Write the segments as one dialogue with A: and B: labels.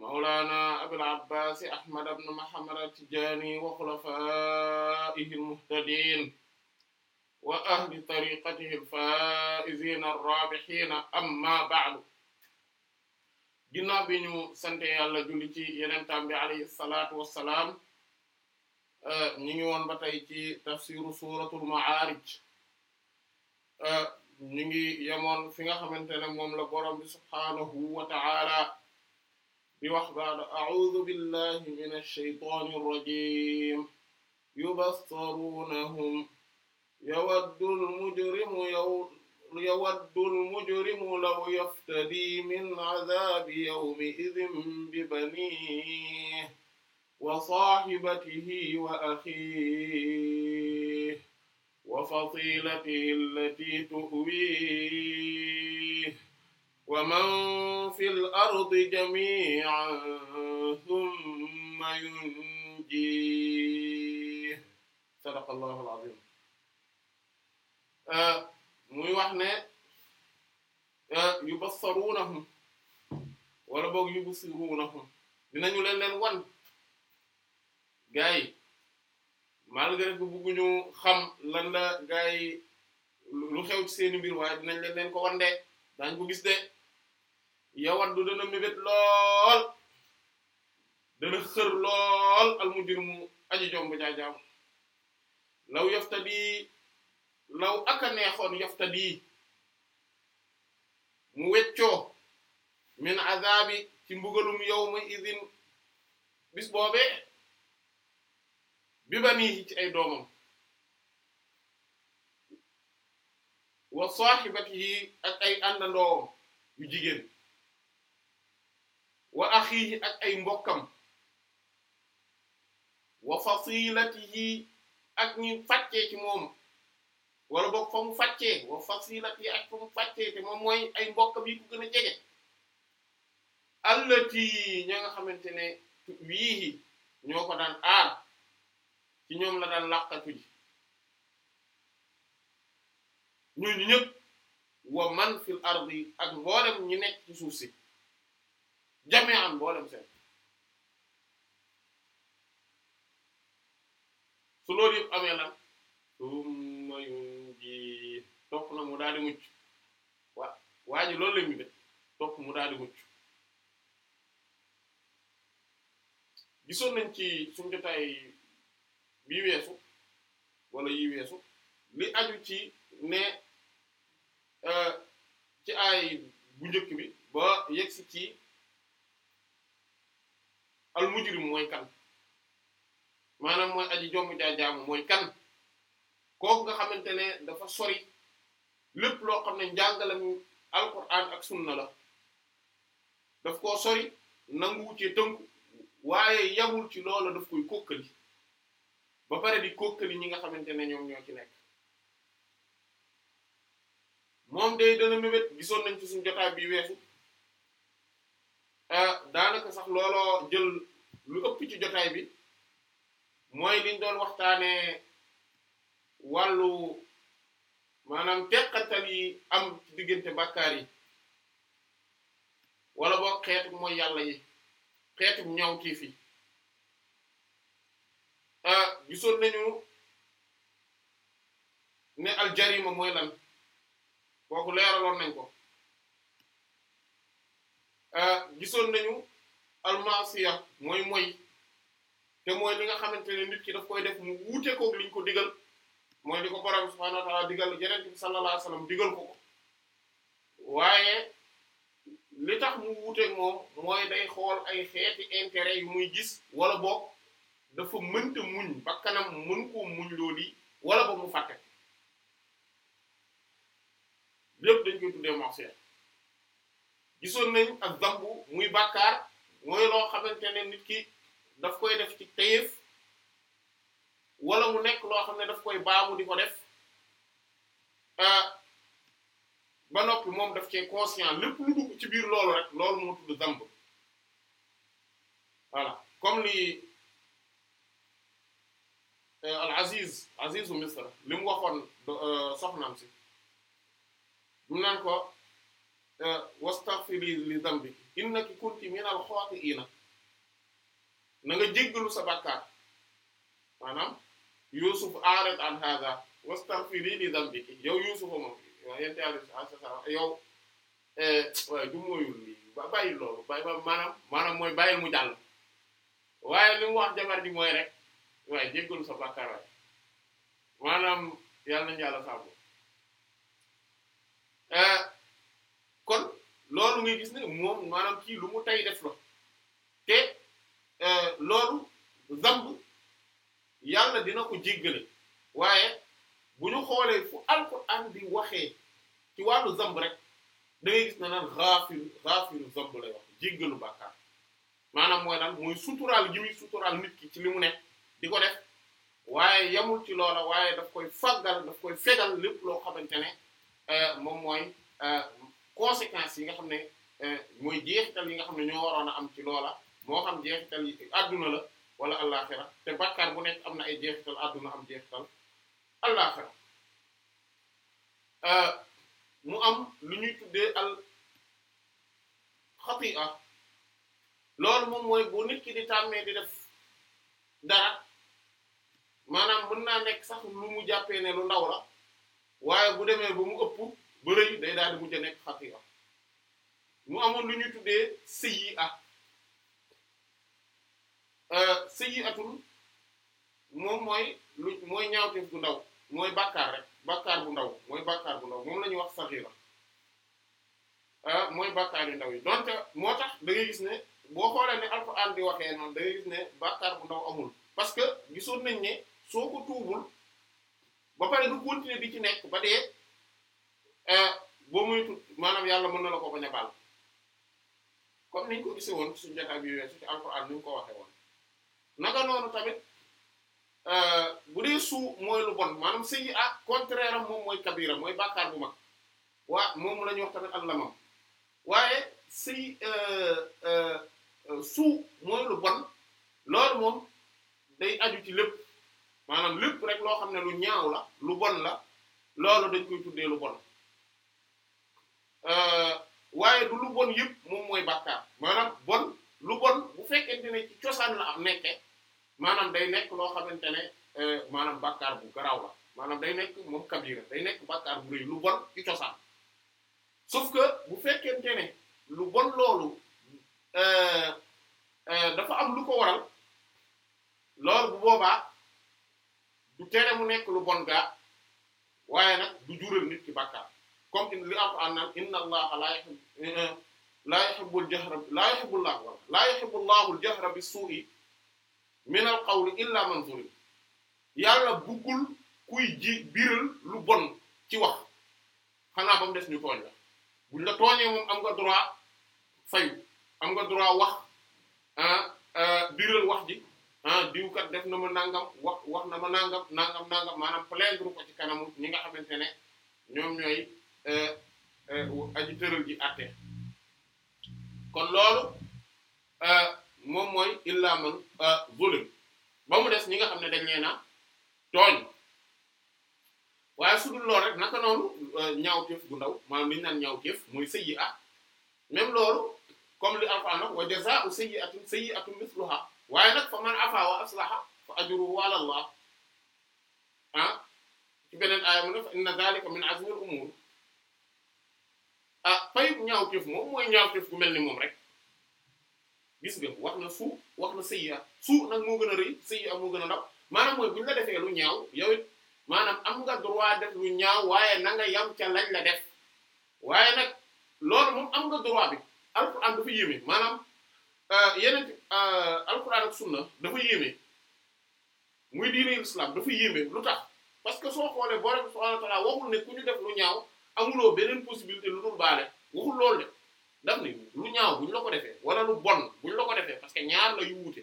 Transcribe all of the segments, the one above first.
A: mawlana abil abbasi ahmad ibn muhammad at-tijani wa khulafaihi al-muhtadin wa ahli tariqatihi al-faizina ar-rabihina amma ba'du ginnaaw bi ñu sante yàlla julli ci yenentaan bi alayhi salatu salaam eh, ñu ngi woon ba tey ci tafsiru ma'arij eh, ñu ngi yemoon fi nga xamante ne moom la borom di wax baada a'uudu billahi min ash-shaytaani ar-rajiim yubassaruunahum yawaddul mujrimu yow yawaddul mujrimu law yaftadi min azaabi yawmi idin bi baniihi wa saahibatihi wa axiihi wa fatiilatihi allatii tu'wiihi ومن في الأرض جميعا ثم ينجيه صدق الله العظيم muy wax ne yubassarunahum wala boog yubsirunahum dinañu leen leen wan gars yi malgré que bëgguñu xam lan la gars yi lu xew seeni mbir waaye dinañ leen leen ko wan de daañu ko gis de yawaddu dana mébét lool dana xër lool al mujrimu aji jomb jaajaam law yaftadi law aka neexoon yaftadi mu weccoo min azabi ci mbugalum yawma idin bis boobee bi banihi ci ay doomam wa sahibatihi ak ay àndandoowam yu jigéen wa axiihi ak ay mbokkam wa yi ak ñi fàccee ci moom wala boog fa mu fàccee wa fasilatihi ak fa mu fàccee te moom mooy ay mbokkam yi ko gën a jege allati ña nga xamante ne wiihi ñoo ko daan aar ci ñoom la daan làqatu ji ñooñu ñëpp wa man fil ardi ak mboolem ñi nekk ci suuf si jamee am mboolem seen su loolu yëpp amee lan summa yun ji topp na mu daal di mucc waa waa ji loolu la ñu topp mu daal mucc gisoon nañ ci suñu jotaay bi weesu wala yi weesu li aju ci ne euh, ci ay bu njëkk bi ba yegsi ci al mujrim mooy kan maanaam mooy aji jomb jaajaamu mooy kan kooku nga xamante ne dafa sori lépp loo xam ne njàngalam alquran ak sunna la daf koo sori nanguwu ci tënku waaye yamul ci loola daf koy kókkali ba pare di kókkali ñi nga xamante ne ñoom ñoo ci nekk moom de dana mébét gisoon nañ ci suñ jotaay bi weesu Ah, daanaka sax looloo jël lu ëpp ci jotaay bi mooy liñ doon waxtaanee wàllu maanaam teqantal yi am diggante bàkkaar yi wala boog xeetu mooy yàlla yi ñaw xeetu ñawtii fi ah, gisoon nañu ne aljarima mooy lan kooku leeraloon nañ ko Euh, gisoon nañu almasiya mooy mooy te mooy li nga xamante ne nit ki daf koy def mu wuute koog liñ ko digal mooy di ko borom subhaanahu wa ta'aala digal yeneen bi sallallahu alayhi digal ko ko waaye li tax mu wuuteeg moom mooy day xool ay xeeti intérêt yu muy gis wala bo dafa mënta muñ bakkanam mën koo muñ loolu yi wala boog mu fàtte lépp dañ koy tuddee marché gisoon nañ ak dambu muy bàkkaar mooy loo xamante ne nit ki daf koy def ci tayeef wala mu nekk loo xam ne daf koy baamu di ko def euh, ba noppi moom daf cee conscient lépp lu ci biir loolu rek loolu moo tudd damb voilà comme li euh, al aziz azizu misra li mu waxoon euh, soxnaam si mu naan ko wastaghfiri li dhanbi innaki kunti minal khati'ina na nga jéggalu sa bàkkaar maanaam yusuf a'rid an hadha wastaghfiri li dhanbiki yow yusufa moom waaw yente àl yow eh, waaye du mooyul ba bàyyi loolu bàyyi ba maanaam mooy bàyyil mu jàll waaye li wax jabar ji mooy rek waaye jéggalu sa bàkkaar waaye maanaam yàlla nañu yàlla sàmm eh, kon loolu ngay gis ne moom maanaam kii lu mu tay def la euh, loolu zamb yàlla dina ko jéggale waaye bu ñu xoolee fu alquran di waxee ci wàllu zamb rek da gis ne naan xaafiru xaafiru zamb lay wax jéggalu bàkkaar maanaam mooy daal mooy suturaal gi muy nit ki ci li mu nekk di ko def waaye yamul ci loola waaye daf koy faggal daf koy fegal lépp loo xamante ne euh, moom mooy euh, conséquences yi nga xam ne euh, mooy jeexital yi nga xam ne ñoo waroon a am ci loola moo xam jeexital yi adduna la wala àllaaxira te bàkkaar bu nekk am na ay jeexital adduna am jeexital àllaaxira euh, mu am lu ñuy tuddee al xati'a loolu moom mooy bu nit di tàmmee di def daa maanaam mën naa nekk sax lu mu jàppee ne lu ndaw la waaye bu demee ba mu ëpp ba rëy day daal di mujj a nekk xatiira mu amoon lu ñuy tuddee sayyi'a euh, atul moom mooy lu mooy ñaawteef gu ndaw mooy bàkkaar rek bàkkaar bu ndaw mooy bàkkaar bu ndaw moom la ñuy wax saxiira euh, mooy bàkkaar yu ndaw yi donc moo tax da gis ne boo xoolee ne alxuraan di waxee noonu da ngay gis ne bàkkaar bu ndaw amul parce que gisoon nañ ne soo ko tuubul ba pare du continuer di ci nekk ba dee Ah, ba muy tut maanaam yàlla mën na la ko bañ a baal comme niñ ko gisee woon suñu jotaay bi weesu ci alxuraan ni ñu ko waxee woon naka noonu tamit ah, bu dee suu mooy lu bon maanaam si ah contraire am moom mooy kabira mooy bàkkaar bu mag moom la ñuy ak lamam waaye si ah, suu mooy lu bon loolu moom day aju ci lépp maanaam lépp rek loo xam ne lu ñaaw la lu bon la loolu dañ koy tuddee lu bon Euh, waaye du lu bon yëpp moom mooy bàkkaar maanaam bon lu bon bu fekkente ne ci cosaan la am nekke maanaam day nekk loo xamante ne euh, maanaam bàkkaar bu garaaw la maanaam day nekk moom kabira day nekk bàkkaar bu rëy lu bon ci cosaan sauf que bu fekkee ne lu bon loolu euh, dafa am lu ko waral loolu bu boobaa du tere mu nekk lu bon gaa waaye nag du jural nit ki bàkkaar comme li Alxuraan naan inna allaha laa yuhibbu eh, laa yuhibbul jahra laa yuhibbul laahu wala laa yuhibbul laahu al-jahra bis-suu'i min al-qawli illa man zulim yàlla buggul kuy ji biral lu bon ci wax xanaa ba mu des ñu tooñ la buñ la tooñee moom am nga droit fayu am nga droit wax ah, ah, biral wax ji ah diw kat def na ma nangam wax wax na ma nangam nangam nangam maanaam plaindre ko ci kanamu ñi nga xamante ne ñoom ñooy. aju tëral ji atte kon loolu e, moom mooy illa man zulim e, ba mu des ñi nga xam ne dañ nee na tooñ waaye su dul loolu rek naka noonu e, ñaawteef gu ndaw maanaam li ñu naan muy mooy sayyi'a même loolu comme li Alxuraan wax wa jazaa'u sayyi'atin sayyi'atun mithluha waaye nag fa man afa wa aslaha fa ajruhu ala ah ci beneen aaya mu ne fa inna dhalika min azmi al-umur ah payub ñaawteef moom mooy ñaawteef gu mel ni moom rek gis nga wax na suu wax na sayyi'a suu nag moo gën a rëy a moo gën a ndaw maanaam mooy buñ la defee lu ñaaw yow maanaam am nga droit def lu ñaaw waaye na nga lañ la def waaye nag loolu moom am nga droit bi alquran dafa yéeme maanaam euh, yeneen euh, alquran ak sunna dafa yéeme muy diine islam dafa yéeme lu tax parce que soo xoolee borom subhanahu wa ta'ala waxul ne ku ñu def lu ñaaw amuloo beneen possibilité lu dul baale waxul loolu de daf ni lu ñaaw buñ la ko defee wala lu bon buñ la ko defee parce que ñaar la yu wuute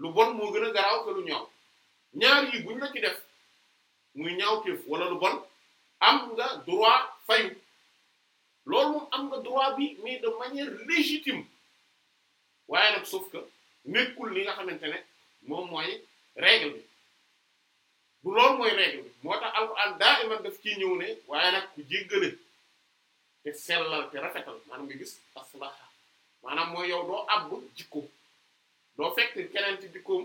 A: lu bon moo gën a garaaw que lu ñaaw ñaar yi buñ la ci def muy ñaaw kéef wala lu bon am nga droit fayu loolu moom am nga droit bi mais de manière légitime waaye nag sauf que nekkul li nga xamante ne moom mooy règle bi bu loolu mooy règle moo tax alxuraan daa iman daf ciy ñëw ne waaye nag ku jéggale te sellal te rafetal maanaam nga gis aslaha maanaam mooy yow doo àbb jikko doo fekk keneen ci jikkoom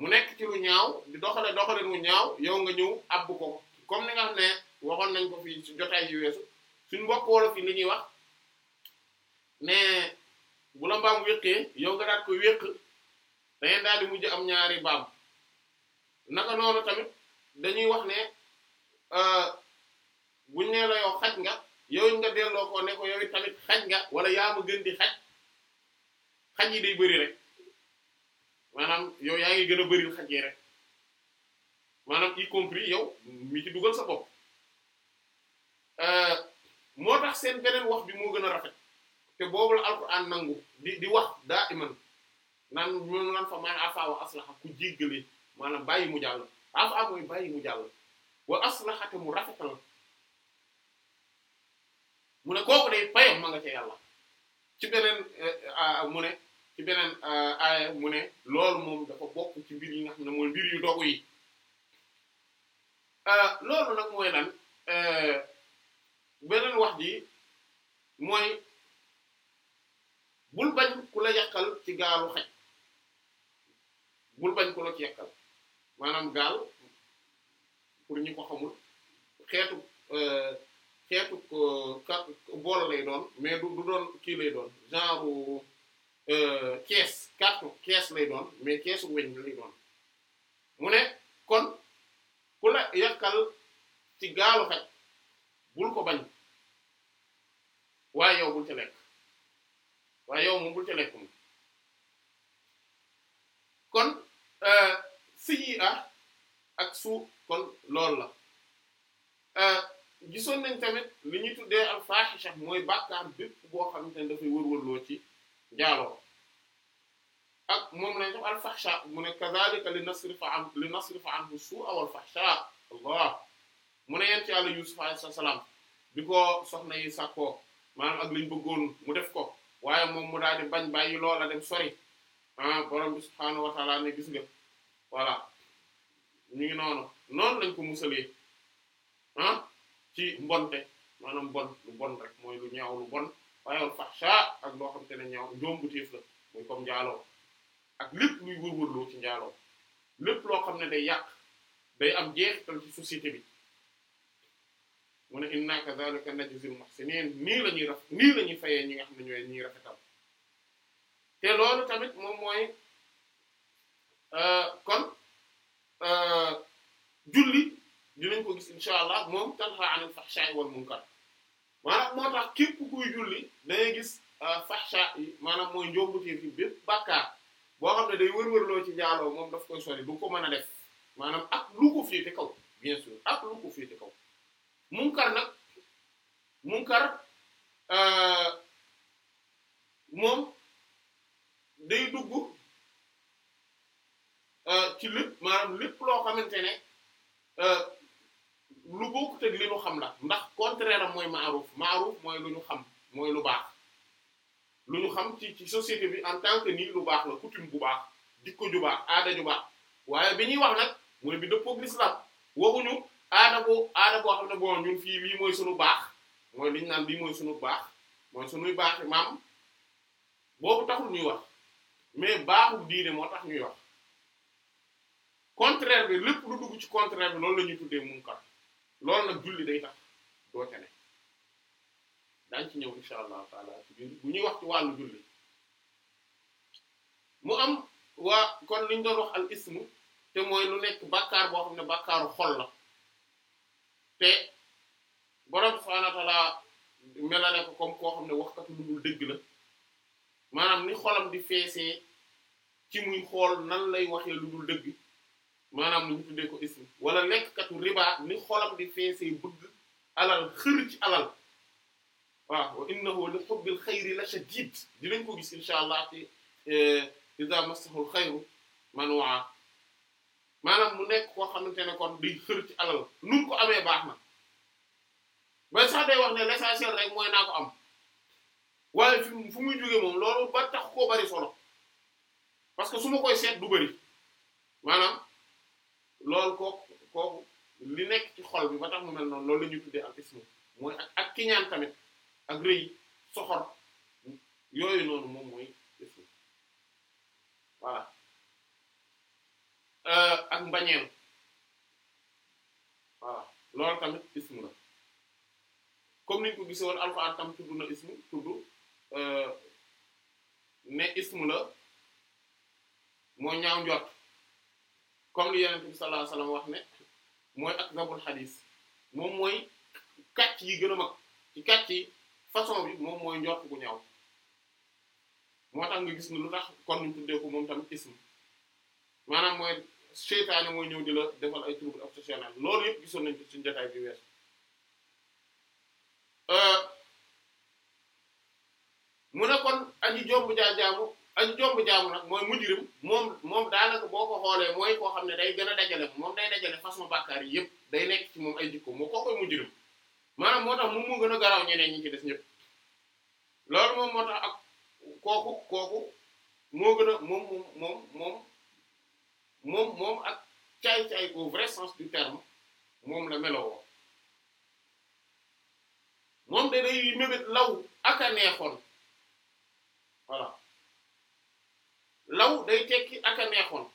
A: mu nekk ci lu ñaaw di doxale doxale lu ñaaw yow nga ñëw àbb ko comme ni nga xam ne waxoon nañ ko fii ci jotaay yu weesu suñ mbokk wolof yi li ñuy wax ne bu la mbaam yow nga daal ko wéq da daal di mujj am ñaari baam naka noonu tamit dañuy wax ne euh, buñ nee la yow xaj nga yow nga delloo ko ne ko yow tamit xaj nga wala yaa ma gën di xaj xaj yi day bëri rek maanaam yow yaa ngi gën a bëril xaj yi rek maanaam y compris yow mi ci dugal sa bopp euh, moo tax seen beneen wax bi moo gën a rafet te boobu la alquran nangu di di wax daa iman naan mu naan fa man afa wa aslaha ku jéggale maanaam bàyyi mu jàll afa mooy bàyyi mu jàll wa aslaxate mu rafetal mu ne kooku day payam ma nga ca yàlla ci beneen eh, eh, ah, mu ne ci beneen ah, aaya mu ne loolu moom dafa bokk ci biir yi nga xam ne mooy mbir yu dogu yi eh, loolu nag mooy lan beneen wax ji mooy bul bañ ku la yàqal ci gaalu xaj bul bañ ku la ci maanaam gaal pour ñi ko xamul xeetu euh, xeetu euh, bool lay doon mais du du doon kii lay doon genre euh, kees kàttu kees lay doon mais keesu weñ lay doon mu ne kon ku la yàqal ci gaalu xaj bul ko bañ waaye yow bul ci waaye yow moom bul ci kon. sayyi'a ak suu kon loolu la euh, gisoon nañ tamit li ñuy tuddee al fahisha mooy bàkkaar bépp boo xamante ne dafay wërwërloo ci njaaloo ak moom lañ def al fahsha mu ne kadhalika li nasrifa an li nasrifa anhu su'a wal fahsha allah mu ne yent yàlla yusuf alayhi salaam bi soxna yi sàkkoo maanaam ak liñ bëggoon mu def ko waaye moom mu daal di bañ bàyyi loola dem sori ah borom bi subhaanahu ne gis nga voilà ñu noonu noonu lañ ko musalee ah, ci mbonte maanaam bon lu bon rek mooy lu ñaaw lu bon waaye wal fahsha ak loo xam te ne ñaaw njombu téef la muy comme njaaloo ak lépp luy wërwërloo ci njaaloo lépp loo xam ne day yàq day am jeexital ci société bi mu ne inna kadhalika najzil muhsinin nii la ñuy raf nii la ñuy fayee ñi nga xam ne ñooy ñuy rafetal te loolu tamit moom mooy Euh, kon euh, julli dinañ ko gis incha allah moom tanha anil fahsha'i wal kuy julli dangay gis euh, fahsha yi maanaam mooy njombutee fi bépp bàkkaar boo xam ne day wër loo ci njaaloo moom daf koy sori du ko mën a def maanaam ak lu ko féete kaw bien sûr ak lu ko féete kaw munkar nag munkar moom day dugg Euh, ci lépp maanaam lépp loo xamante ne euh, lu bokk teg li ñu xam la ndax contraire am mooy maaruf maaruf mooy lu ñu xam mooy lu baax lu ñu xam ci ci société bi en tant que nii lu baax la coutume bu baax dikko ju baax aada ju baax waaye bi ñuy wax nag mooy bi dëppook l'islam waxuñu aada boo aada boo xam ne bon ñun fii lii mooy sunu baax mooy liñ naan lii mooy suñu baax mooy suñuy baax maam boobu taxul ñuy wax mais baaxul diine moo tax ñuy wax contraire bi lépp lu dugg ci contraire bi loolu la ñuy tuddee munkar loolu nag julli day tax doo tene daañu ci ñëw incha allahu taala ci bu ñuy wax ci wàllu julli mu am waa kon liñ doon wax al ismu te mooy lu nekk bàkkaar boo xam ne bàkkaaru xol la te borom subhanahu wa melale ko comme koo xam ne waxkatu lu dul dëgg la maanaam ni xolam di feesee ci muy xool nan lay waxee lu dul dëgg. maanaam lu ñu tuddee ko ism wala lekkkatu riba ni xolam di feesee bëgg alal xër alal waaw wa innahu li hubbil xayri la shadid dinañ ko gis incha allah te eh, iza massahul xayru manua maanaam mu nekk ko xam ne kon day xër ci alal nun ko amee baax na ba sax day wax ne l'essentiel rek mooy naa ko am waaye fi fu muy jógee moom loolu ba tax koo bari solo parce que su ma koy seet du bari maanaam lool kooku kooku li nekk ci xol bi ba tax mu mel noonu loolu la ñuy tuddee ak ismu mooy ak kiñaan tamit ak rëy soxor yooyu noonu moom mooy ismu voilà euh, ak mbañeel voilà loolu tamit ismu la comme niñ ko gisee woon tam tudd na ismu tudd euh, ne ismu la moo ñaaw njort comme li yonent bi sallallahu wax ne mooy ak gabul xadis moom mooy kàcc yi gën a mag ci yi façon bi moom mooy njort gu ñaaw moo tax nga gis ne lu tax kon ñu tuddee ko moom tamit ism maanaam mooy seytaane mooy ñëw di la defal ay trouble obsessionnel loolu yëpp gisoon nañ ko ci jotaay bi weer euh, mu ne kon aji jomb jaajaamu ak njomb jaamu nag mooy mujrim moom moom daanaka boo ko xoolee mooy koo xam ne day gën a dajale moom day dajale façon bàkkaar yi yëpp day nekk ci moom ay jikko moo ko koy mujrim maanaam moo tax moom moo gën a garaw ñeneen des ñëpp loolu moom moo ak kooku kooku moo gën a moom moom moom moom moom ak caay-caay au vrai sens du terme moom la melowoo moom da day mébét law ak a neexoon voilà law day tekki ak a neexoon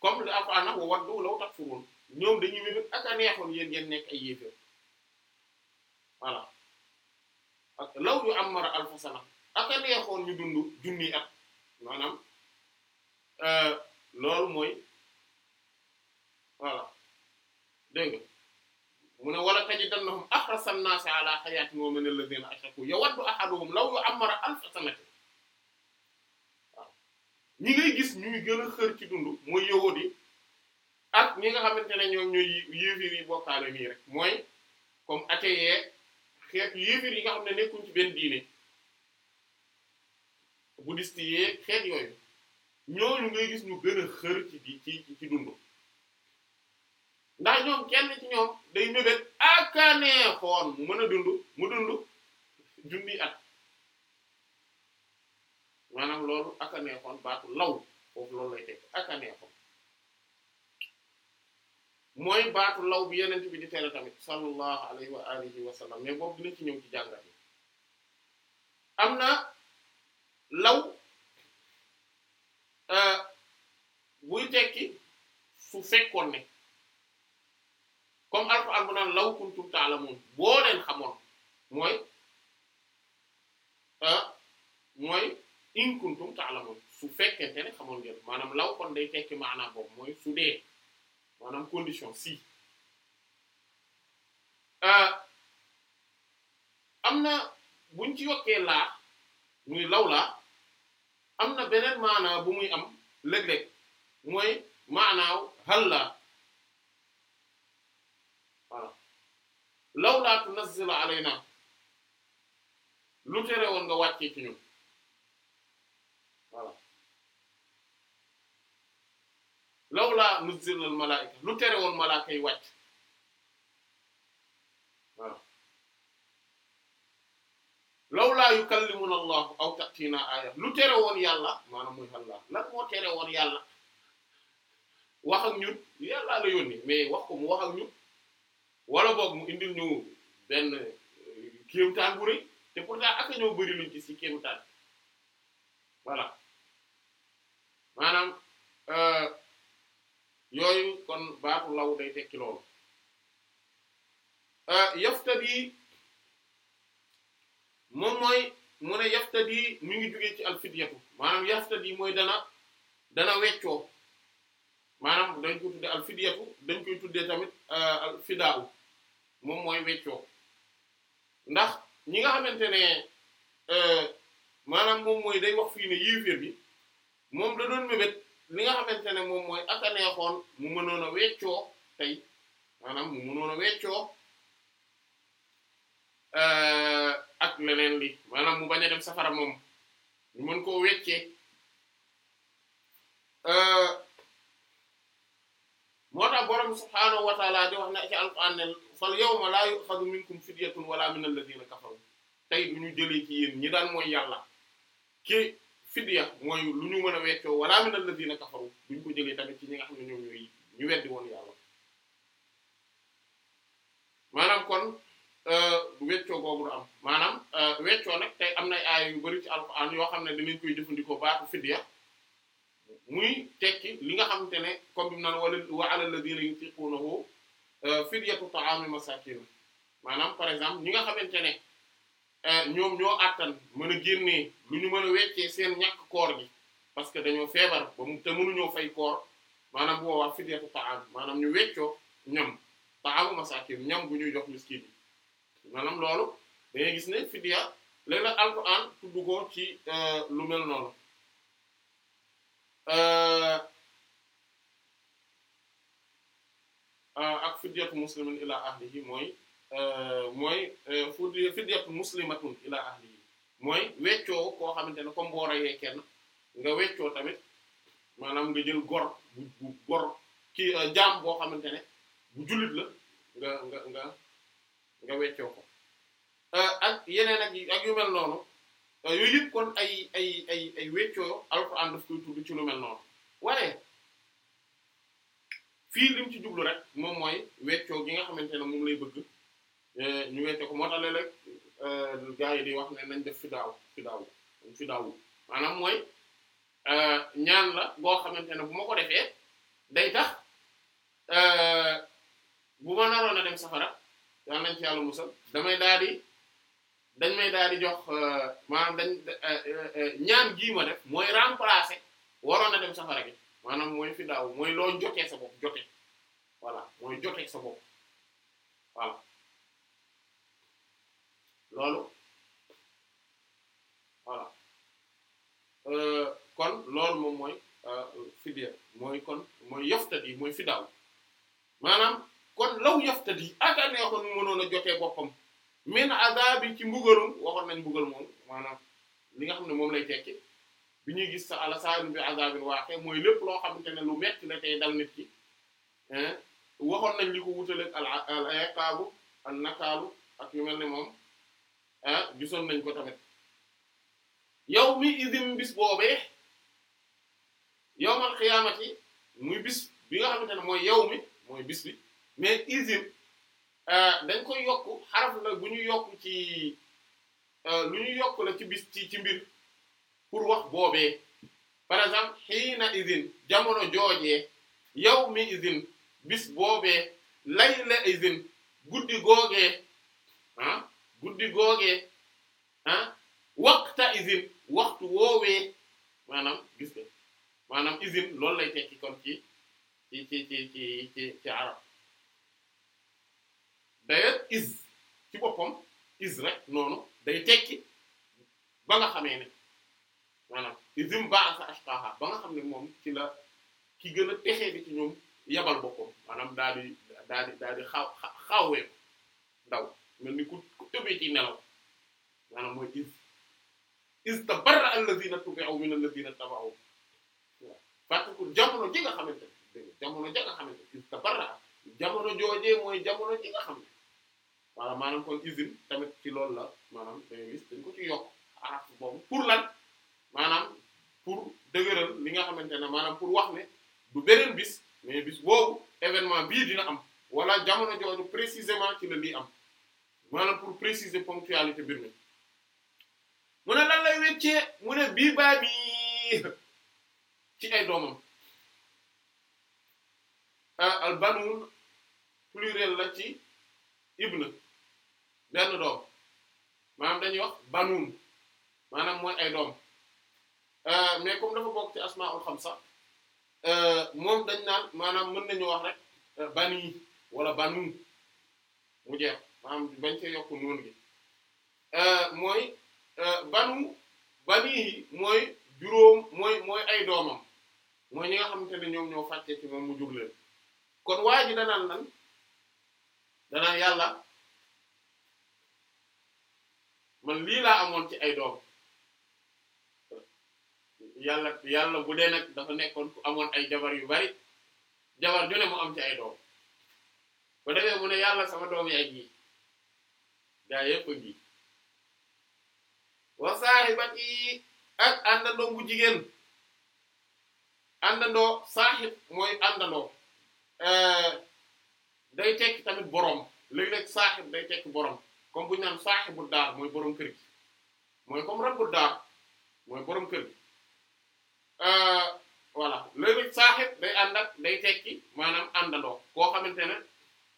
A: comme li Alxuraan nag waddu law takfuruun ñoom dañuy mébét ak a neexoon yéen ngeen nekk ay yéeféer voilà law yu am alfa sana ak a neexoon ñu dund junni at maanaam euh, loolu mooy voilà dégg na mu ne wala tajidannahum ahrasa nnaasi ala hayaatin wa mina alladhiina ashrakuu yawaddu ahaduhum law yu ammara alfa sanatin ñi ngay gis ñu gën a xër ci dund mooy yowóot yi ak ñi nga xamante ne ñoom ñooy yéefir yi bokkaale nii rek mooy comme ateyee xeet yéefir yi nga xam ne nekkuñ ci benn diine bouddhiste yeeg xeet yooyu ñooñu ngay gis ñu gën a xër ci ci ci ndax ñoom kenn ci ñoom day mébét akaanee xoon mu mën a dund mu dund junni at loolu aka neexoon baatu law foofu loolu lay tekk aka neexoon mooy baatu law bi yeneen bi di tere tamit sallallahu alayhi wa alihi mais boobu dina ci ñëw ci jàngat yi am na law euh, buy tekki su fekkoon ne comme alquran bu naan law kuntum ta'lamun boo leen xamoon mooy euh, mooy in kuntum ta'lamun su fekkente ne xamoon ngeen maanaam law kon day tekki maanaam boobu mooy su dee maanaam condition si euh, am na buñ ci yokkee laa muy law laa am na beneen maanaa bu muy am léeg-léeg mooy maanaaw hal laa law laa tunazzilu alaynaa lu tere woon nga wàccee ci ñun law laa lu tere woon malaaka yi wàcc waaw law aw ta'tina aaya lu tere woon yàlla maanaam muy Allah lan moo woon yàlla wax ak ñun yàllaa la yónni mais wax ko mu wax ñun wala boog mu indil ñu benn euh, kéemtaan bu rëy te pourtant ak ñoo bëri luñ ci si kéemtaan voilà maanaam. Euh, yooyu kon baatu law day tekki loolu euh, yaftadi moom mooy mu ne yaftadi mi ngi jógee ci al alfidyatu maanaam yaftadi mooy dana dana weccoo maanaam dañ koy tuddee alfidyatu dañ koy tuddee tamit euh, alfidaaw moom mooy weccoo ndax ñi nga xamante ne euh, maanaam moom mooy day wax fii ne yéeféer bi moom da doon mébét li nga xamante ne moom mooy ak a neexoon mu mënoon a weccoo tey maanaam mu mënoon weccoo eh, ak leneen li maanaam mu bañ dem safara moom ñu mën koo weccee eh, moo tax borom subhaanahu wa taala di wax ne ci alquran ne fal yawma laa yu'khadhu minkum fidyatun wala min alladhina kafaru tey ñu jëlee ci ñi daal mooy yàlla ki fidya mooy lu ñu mën a weccoo wala min alladhina kafaru bu ñu ko jëlee tamit ci ñi nga xam ne ñoom ñooy ñu weddi woon yàlla maanaam kon euh, weccoo googu du am maanaam euh, weccoo nag tey am na ay yu bari ci alxuraan yoo xam ne dinañ koy jëfandikoo baatu fidya muy tekki li nga xamante ne comme bi mu naan wala wa ala alladhina yutiqunahu euh, fidyatu ta'ami masakin maanaam par exemple ñi nga xamante ne Euh, ñoom ñoo àttan mën a génnee lu ñu mën a weccee seen ñàkk koor gi parce que dañoo feebar ba te mënuñoo fay koor maanaam bu boobaa fidyatu ta'am maanaam ñu weccoo ñam ta'amu masaakin ñam bu ñuy jox miskin yi maanaam loolu da gis ne fidya léeg-léeg alquran tudd ko ci euh, lu mel noonu euh, ak fidyatu muslimin ila ahlihi mooy Euh, mooy euh, fu fidyatun muslimatun ilaa ahlihi mooy weccoo koo xamante ne comme boo rayee kenn nga weccoo tamit maanaam nga jël gor bu gor kii euh, jaam boo xamante ne julit la nga nga nga nga ko yeneen ak yu mel noonu yooyu yëpp kon ay ay ay ay weccoo alxuraan daf koy ci lu mel noonu waaye fii lim ci jublu rek moom mooy weccoo gi nga xamante ne moom lay bëgg Euh, ñu wecce ko moo tax léeg-léeg euh, gars yi di wax ne nañ def fidaaw fidaaw fidaaw maanaam mooy euh, ñaan la boo xamante ne bu ma ko defee day tax bu ma naroon a dem safara yal nañ ci yàlla musal damay daal di dañ may daal di jox maanaam dañ ñaan gii ma def mooy remplacer waroon a dem safara gi maanaam mooy fidaaw mooy lool jotee sa bopp jote voilà mooy jote sa bopp voilà loolu euh, kon loolu moom mooy euh, fidia mooy kon mooy yaftadi mooy fidaaw maanaam kon law yaftadi aka neexoon mënoon a jotee boppam min azabi ci mbugalum waxoon nañ mbugal moom maanaam li nga xam ne moom lay tekki bi ñuy gis sa ala saayun bi azabin waaxe mooy lépp loo xam ne lu metti la tey dal nit ki waxoon nañ li ko wutale al nakaalu ak yu mel ne moom ah gisoon nañ ko tamit yow mi idim bis boobee yow man xiyaamati muy bis bi nga xamante ne mooy yow mi mooy bis bi mais idim ah, dañ koy yokk xaraf la bu ñu yokk ci ah, lu ñu yokk la ci bis ci ci mbir pour wax boobe par exemple xiina idim jamono joojee yow mi idim bis boobee lay la idim guddi googee ah guddi googee ah waqta izin waxtu woowee maanaam gis nga maanaam izin loolu lay tekki kon ci ci ci ci ci arab d'ailleurs iz ci boppam iz rek noonu day tekki ba nga xamee ne maanaam izin ba'sa ashqaha ba nga xam ne moom ci la ki gën a texee bi ci ñoom yabal boppam maanaam daal di daal di xaw xawwee ndaw mel ni ku tëbee ci nelaw maanaam mooy is istabarra allazina tubi'u min allazina taba'u fàttaliku jamono ji nga xamante ne jamono ja nga xamante ne istabarra jamono joojee mooy jamono ji nga xam ne voilà maanaam kon usine tamit ci loolu la maanaam day gis dañ ko ci yokk araf boobu pour lan maanaam pour dëgëral li nga xamante ne maanaam pour wax ne du beneen bis mais bis boobu événement bii dina am wala jamono jooju précisément ci la lii am. maanaam pour préciser ponctualité mbir mi mu ne lay weccee mu ne bii baa bi ci ay doomam ah, al banun pluriel la ci ibna benn doom maanaam dañuy wax banun maanaam mooy ay doom ah, mais comme dafa bokk ci asmaul xamsa ah, moom dañ naan maanaam mën nañu wax rek bani wala banun mu bañ cee yokk nuun euh, mooy euh, banu bani yi mooy juróom mooy mooy ay doomam mooy ñi nga xamante ne ñoom ñoo fàccee moom mu jur leen kon waa ji danaan nan danaan yàlla man lii laa amoon ci ay doom yàlla yàlla bu dee nag dafa nekkoon ku amoon ay jabar yu bari jabar ju ne mu am ci ay doom ba defee mu ne yàlla sama doom yaay ñii gaa yëpp a ngi wa saaxibati ak àndandoo bu jigéen àndandoo saaxib mooy àndandoo eh, day tekki tamit borom léeg-léeg saaxib day tekki borom comme bu ñu naan saaxibu daar mooy borom kër gi mooy comme rabbu daar mooy borom eh, day ànd ak day tekki maanaam àndandoo koo xamante ne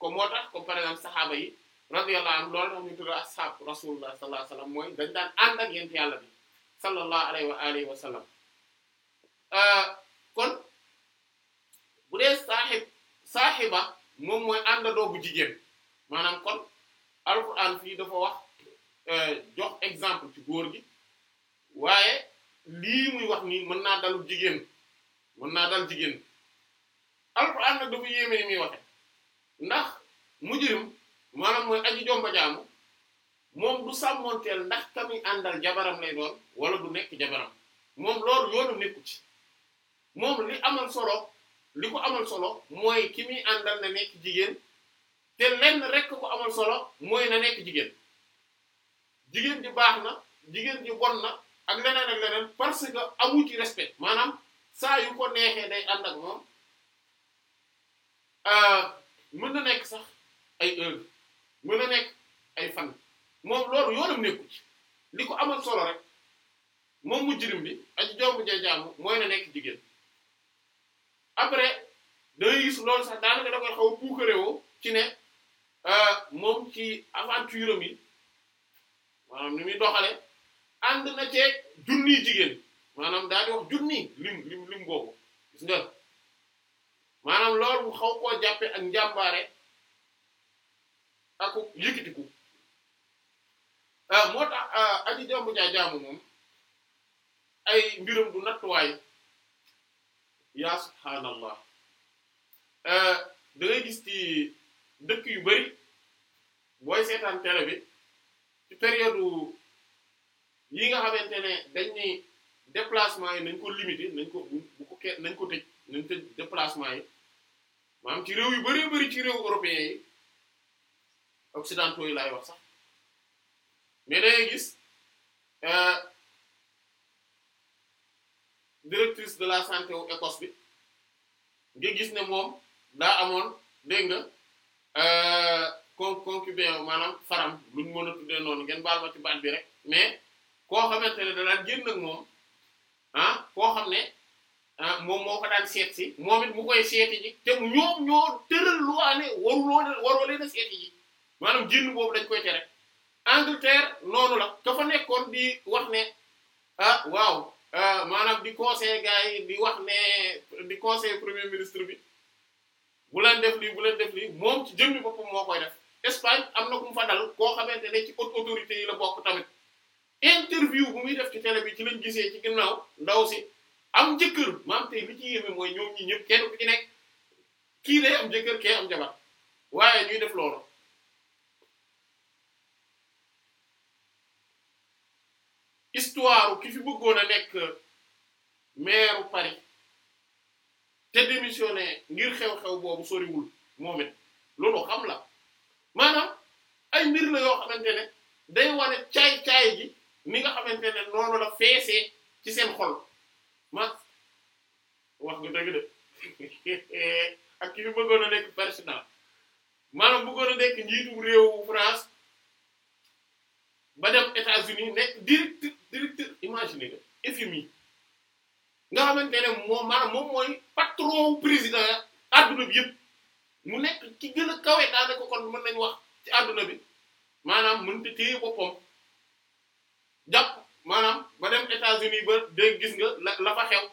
A: comme moo tax comme par saxaaba yi. radiyallahu anhu loolu tax ñu tudd ashab rasulullah sallallahu alayhi wa sallam mooy dañ daan ànd ak yent yàlla bi sallallahu alayhi wa alihi wa sallam euh, kon bu dee saaxib saaxiba moom mooy àndandoo bu jigéen maanaam kon alquran fii dafa wax euh, jox exemple ci góor gi waaye lii muy wax nii mën naa dalu jigéen mën naa dal jigéen alquran nag dafa yéeme ni muy waxe ndax mujrim maanaam mooy aji jomba jaamu moom du sàmmoonteel ndax kami àndal jabaram lay doon wala du nekk jabaram moom loolu yoonu nekku ci moom li amal solo li ko amal solo mooy ki muy àndal na nekk jigéen te lenn rek ko amal solo mooy na nekk jigéen jigéen ji baax na jigéen ji bon na ak leneen ak leneen parce que amu ci respect maanaam saa yu ko neexee day ànd ak moom euh, mën na nekk sax ay mën a nekk ay fan moom loolu yoonam nekku ci li ko amal solo rek moom mu jirim bi aji jomb jay mooy na nekk jigéen après day gis loolu sax daanaka da koy xaw a puukaréewoo ci ne euh, moom ci aventure am yi maanaam ni muy doxale ànd na ceeg junniy jigéen maanaam daal di wax junni lim lim lim boobu gis xaw koo jàppe ak njàmbaare ak yëkkatiku ah, moo tax ah, aji jaamu jaa jaamu moom ay mbiram du nattuwaay yaa subhaanallah ah, da gis ci dëkk yu bari booy seetaan télé bi ci période yi nga xamante ne dañ ni déplacement yi nañ ko limité nañ ko bu ko nañ ko tëj nañ tëj déplacement yi maanaam ci réew yu bari bari ci réew européen occidentaux yi laay wax sax mais da gis euh, directrice de la santé wu Écosse bi nga gis ne moom daa amoon dégg nga euh, con concubin wu maanaam faram luñ mën a tuddee noonu ngeen baal ma ci bi rek mais koo xamante ne da daan génn moom ah, koo xam ne ah moom moo ko daan seet si moom it mu koy seeti ji te ñoom ñoo tëral lu ne waruloo waroo leen a seeti ji. maanaam génn boobu dañ koy tere Angleterre noonu la ka nekkoon di wax ne ah waaw ah, maanaam di conseil gars yi di wax ne di conseil premier ministre bi bu leen def lii bu leen def lii moom ci jëmmi boppam moo koy def Espagne am na ku mu fa dal koo xamante ne ci autorité yi la bokk tamit interview bu muy def ci télé bi ci lañ gisee ci ginnaaw ndaw si am jëkkër maam tey li ci yéeme mooy ñoom ñi ñëpp kenn ku kii day am jëkkër kee am jabar waaye ñuy def loolu histoire ki fi bëggoon a nekk maire Paris te démissionné ngir xew-xew boobu soriwul moom it loolu xam la maanaam ay mbir la yoo xamante ne day wane caay-caay gi ni nga xamante ne noonu la feesee ci seen xol ma wax nga dëgg de ak ki fi bëggoon a nekk président maanaam bëggoon a nekk njiitu réewu France. ba dem États-Unis nekk directeur directeur imagine nga FMI nga xamante ne moom maanaam moom mooy patron wu président adduna bi yëpp mu nekk ki gën a kawe daanaka kon mën lañu wax ci adduna bi maanaam mënut a téye boppam jàpp maanaam ba dem États-Unis ba dégg gis nga la xew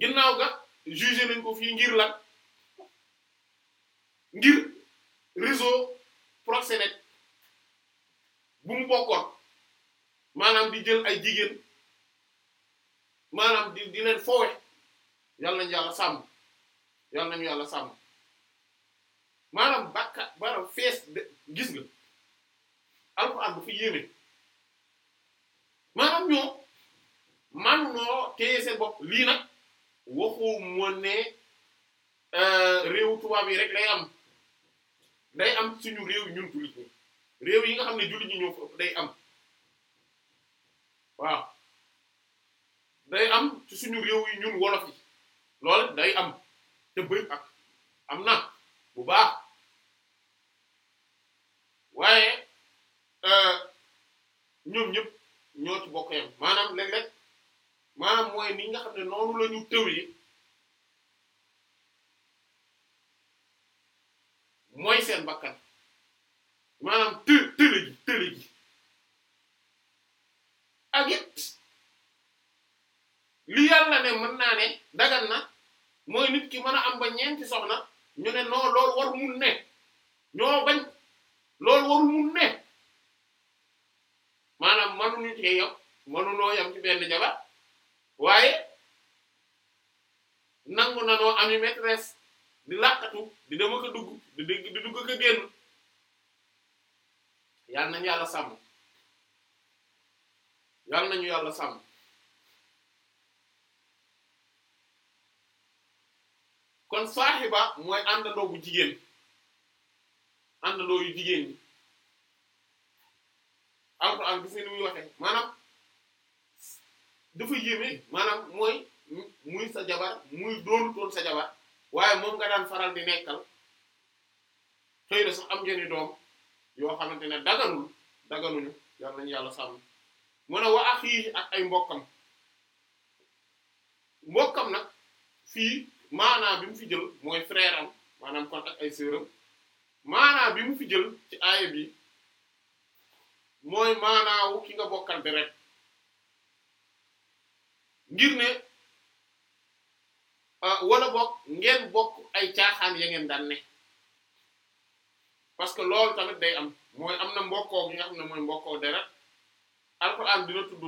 A: ginnaaw ga jugé nañ ko fii ngir la ngir réseau proxénète. bu mu bokkoon maanaam di jël ay jigéen maanaam di di leen foowe yàlla nañu yàlla sàmm yàlla nañu yàlla sàmm maanaam bàkka maanaam fees de gis nga alxuraan dafa yéeme maanaam ñoo man noo téye seen bopp lii nag waxu ma ne euh, réewu tubaab yi rek day am day am suñu réew ñun tulit réew yi nga xam ne jullit ñi ñoo fa day am waaw day am ci suñu réew yi ñun wolof yi loolu day am te bëri ak am na bu baax waaye euh, ñoom ñëpp ñoo ci bokk maanaam léeg-léeg maanaam mooy ni nga xam ne noonu la tëw yi mooy seen bakkan maanaam të tële gi li yàlla ne mën naa ne dagan na mooy nit ki mën a am ba ñeenti soxna ñu ne non loolu waru mun ne ñoo bañ loolu waru mun ne maanaam mënuñu cee yam mënunoo yam ci benn jabar waaye nangu na noo ami maîtresse di làqatu di dem ak a dugg di dugg di dugg a génn yàlla nañ yàlla sàmm yàlla nañu yàlla sàmm kon saaxiba mooy àndandoo bu jigéen àndandoo yu jigéen ñi alxuraan gis nga ni maanaam dafa yéeme maanaam mooy muy sa jabar muy doonutoon sa jabar waaye moom nga daan faral di nekkal xëy na sax am ngeen doom yoo xamante ne daganul daganuñu yàlla nañu yàlla sàmm wa axiihi ak ay mbokkam mbokkam nag fii maanaa bi fi jël mooy frère am maanaam ak ay sœuram maanaa bi mu fi jël ci aaya bi mooy maanaawu ki nga bokkal deret ngir ne ah, wala bokk ngeen bokk ay caaxaan ya ngeen daan parce que loolu tamit day am mooy am na mbokkoo gi nga xam ne mooy mbokkoo deret alquran dina tudd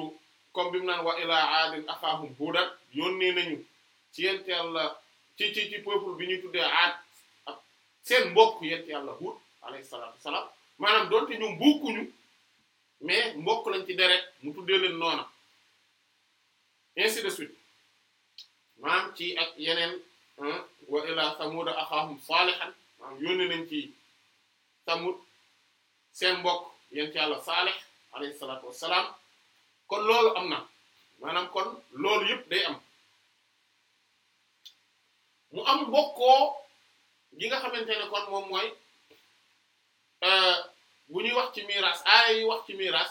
A: comme bi mu naan wa ilaa aadin axaahum huudan yónnee nañu ci yent yàlla ci ci ci peuple bi ñuy tuddee aad ak seen mbokk yent yàlla huud alayhi salaatu maanaam doonte ñoom bokkuñu mais mbokk lañ ci deret mu tuddee leen noona ainsi de suite maanaam ci ak yeneen wa ilaa samuuda axaahum saalihan maanaam yónnee nañ ci Samud seen mbokk yent yàlla Saalih alayhi salaatu wassalaam kon loolu am na maanaam kon loolu yëpp day am mu am mbokkoo gi nga xamante ne kon moom mooy euh, bu ñuy wax ci miraas aaya yi wax ci miraas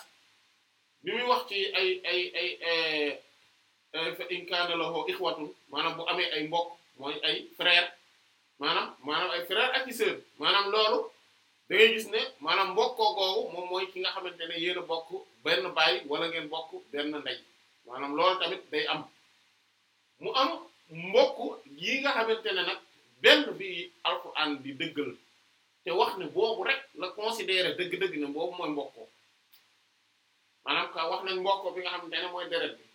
A: bi muy wax ci ay ay ay euh, euh, fa in kaana lahu ixwatun maanaam bu amee ay mbokk mooy ay frère maanaam maanaam ay frère ak i sœur maanaam loolu da gis ne maanaam mbokkoo googu moom mooy ki nga xamante ne yéen a bokk benn baay wala ngeen bokk benn ndey maanaam lool tamit day am mu am mbokk yi nga xamante ne nag benn bi alquran di dëggal te wax ne boobu rek la considéré dëgg-dëgg ne boobu mooy mbokkoo maanaam ka wax nañ mbokkoo bi nga xamante ne mooy deret bi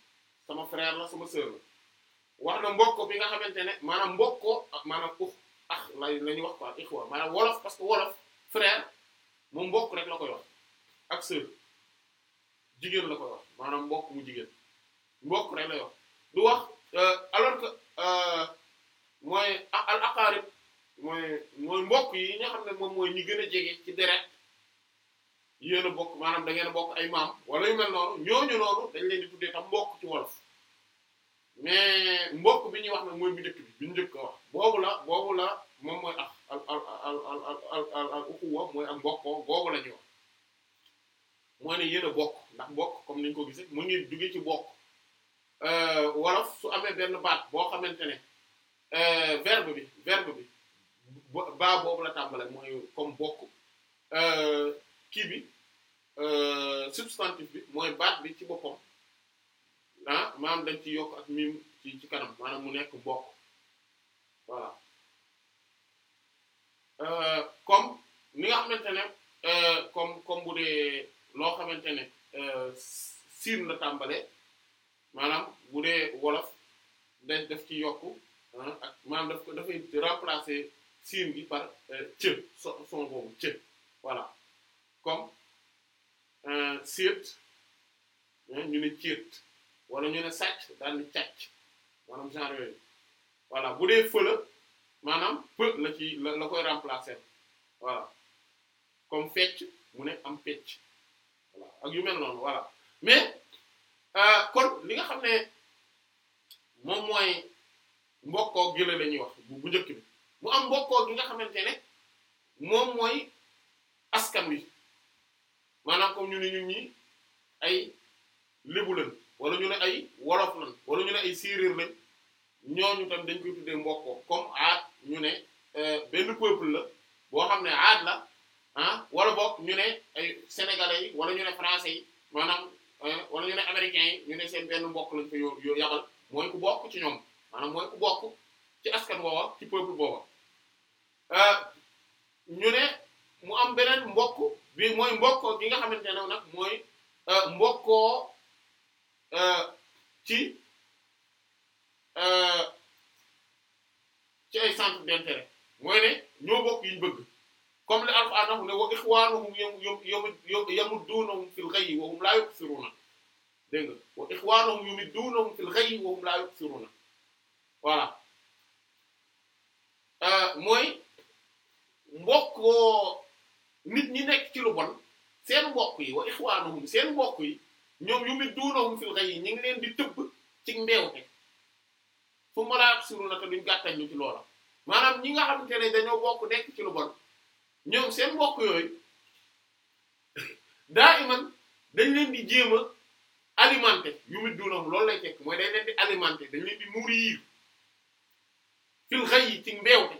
A: sama frère la sama sœur la wax na mbokkoo bi nga xamante ne maanaam mbokkoo maanaam ux ax la la wax quoi ixwa maanaam wolof parce que wolof frère moom mbokk rek la koy wax ak sœur jigéen la koy wax maanaam mbokk mu jigéen mbokk rek lay wax du wax euh, alors que euh, mooy al aqarib mooy mbokk yi nga xam ne moom mooy ñi gën a jege ci deret yéen a bokk maanaam da ngeen bokk ay maam wala yu mel noonu ñooñu noonu dañ leen di tuddee tam mbokk ci wolof mais mbokk bi ñuy wax mooy bu njëkk bi bu njëkk ko wax boobu la boobu la moom mooy ak al al al al al al ukuwa mooy ak mbokkoo googu la ñuy mooy ne yéen bokk ndax bokk comme niñ ko gisee mu ngi jóge ci bokk euh, wolof su amee benn baat boo xamante ne euh, verbe bi verbe bi baa boobu la tàmbale mooy comme bokk euh, kii bi substantif bi mooy baat bi ci boppam ah maanaam dañ ci yokk ak mim ci ci kanam maanaam mu nekk bokk voilà Euh, comme ni nga xamante ne euh, comme comme bu dee loo xamante ne euh, siin la tàmbalee maanaam bu dee wolof dañ def ci yokku ak maanaam daf ko dafay replacé siin bi par cë so son boobu cë comme siet ñu ne ciet wala ñu ne sàcc daal di càcc maanaam genre yooyu voilà bu dee fëla maanaam peu na ci la la koy remplacer voilà comme fecc mu ne am fecc ak yu mel noonu voilà mais euh, kon li nga xam ne moom mooy mbokkoo gële la lañuy wax bu njëkk bi mu am mbokkoo gi nga xamante ne moom mooy askan wi maanaam comme ñu ne ñun ñi ay lébu lañ wala ñu ne ay wolof lañ wala ñu ne ay séeréer lañ ñooñu tam dañ koy tuddee mbokkoo comme aat ñu ne euh, benn peuple la boo xam ne aad la ah wala boog ñu ne ay sénégalais yi wala ñu ne français yi maanaam euh, wala ñu ne américains yi ñu ne seen benn mbokk la fa yoo yoo yabal mooy ku bokk ci ñoom maanaam mooy ku bokk ci askan woowa ci peuple booba euh, ñu ne mu am beneen mbokk bi mooy mbokkoo gi nga xamante ne nag mooy mbokkoo ci ci ay centre d'intérêt mooy ne ñoo bokk yiñ bëgg comme li alquran wax ne wa ixwanuhum yamudduunahum fil ghayyi wa hum laa yuqsiruuna dégg nga wa ixwanuhum yumidduunahum wa hum laa yuqsiruuna voilà euh, mooy mbokkoo nit ñi nekk ci lu bon seen bokk yi wa ixwanuhum seen mbokk yi ñoom yumidduunahum fil ghayyi ñu ngi leen di tëb ci mbeewte fu ma laa suru naka duñ gàttañ ñu ci loola maanaam ñi nga xamante ne dañoo bokk nekk ci lu bon ñoom seen bokk yooyu daa iman dañ leen di jéem a alimenter yu mit dunam loolu lay tekk mooy dañ leen di alimenter dañ leen di nourrir fil xëy ci mbeewte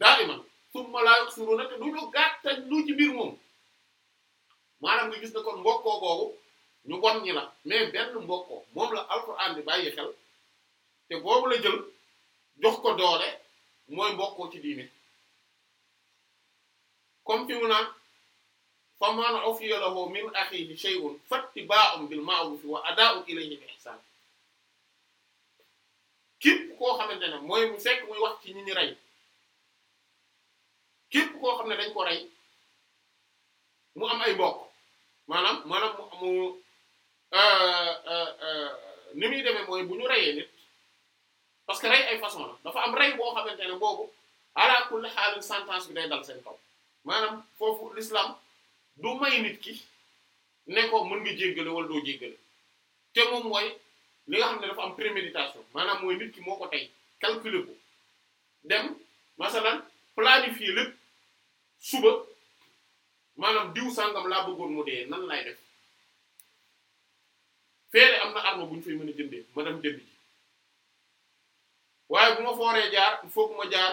A: daa iman summa laa yuxsiruna te duñu gàttañ lu ci biir moom maanaam nga gis na kon mbokkoo googu ñu bon ñi la mais benn mbokkoo moom la alquran di bàyyi xel te boobu la jël jox ko doole mooy mbokkoo ci diine comme fi mu naan fa man ufiya lahu min akhihi shay'un fattiba'un bil ma'ruf wa ada'un ilayhi bi ihsan képp koo xamante ne mooy mu fekk muy wax ci ñi ñu rey képp koo xam ne dañ ko rey mu am ay mbokk maanaam maanaam mu euh, euh, euh, ni muy demee mooy bu ñu reyee nit parce que rey ay façon la dafa am rey boo xamante ne boobu ala kulli xaalin sentence bi day dal seen kaw maanaam foofu lislaam du may nit ki ne ko mën nga jéggale wala doo jéggale te moom mooy li nga xam ne dafa am préméditation maanaam mooy nit ki moo ko tey calculer ko dem masalan planifier lépp suba maanaam diw sangam laa bëggoon mu dee nan laay def feere am na arme bu ñu fay mën a jëndee ma dem jëndi waaye bu ma fooree jaar il faut ma jaar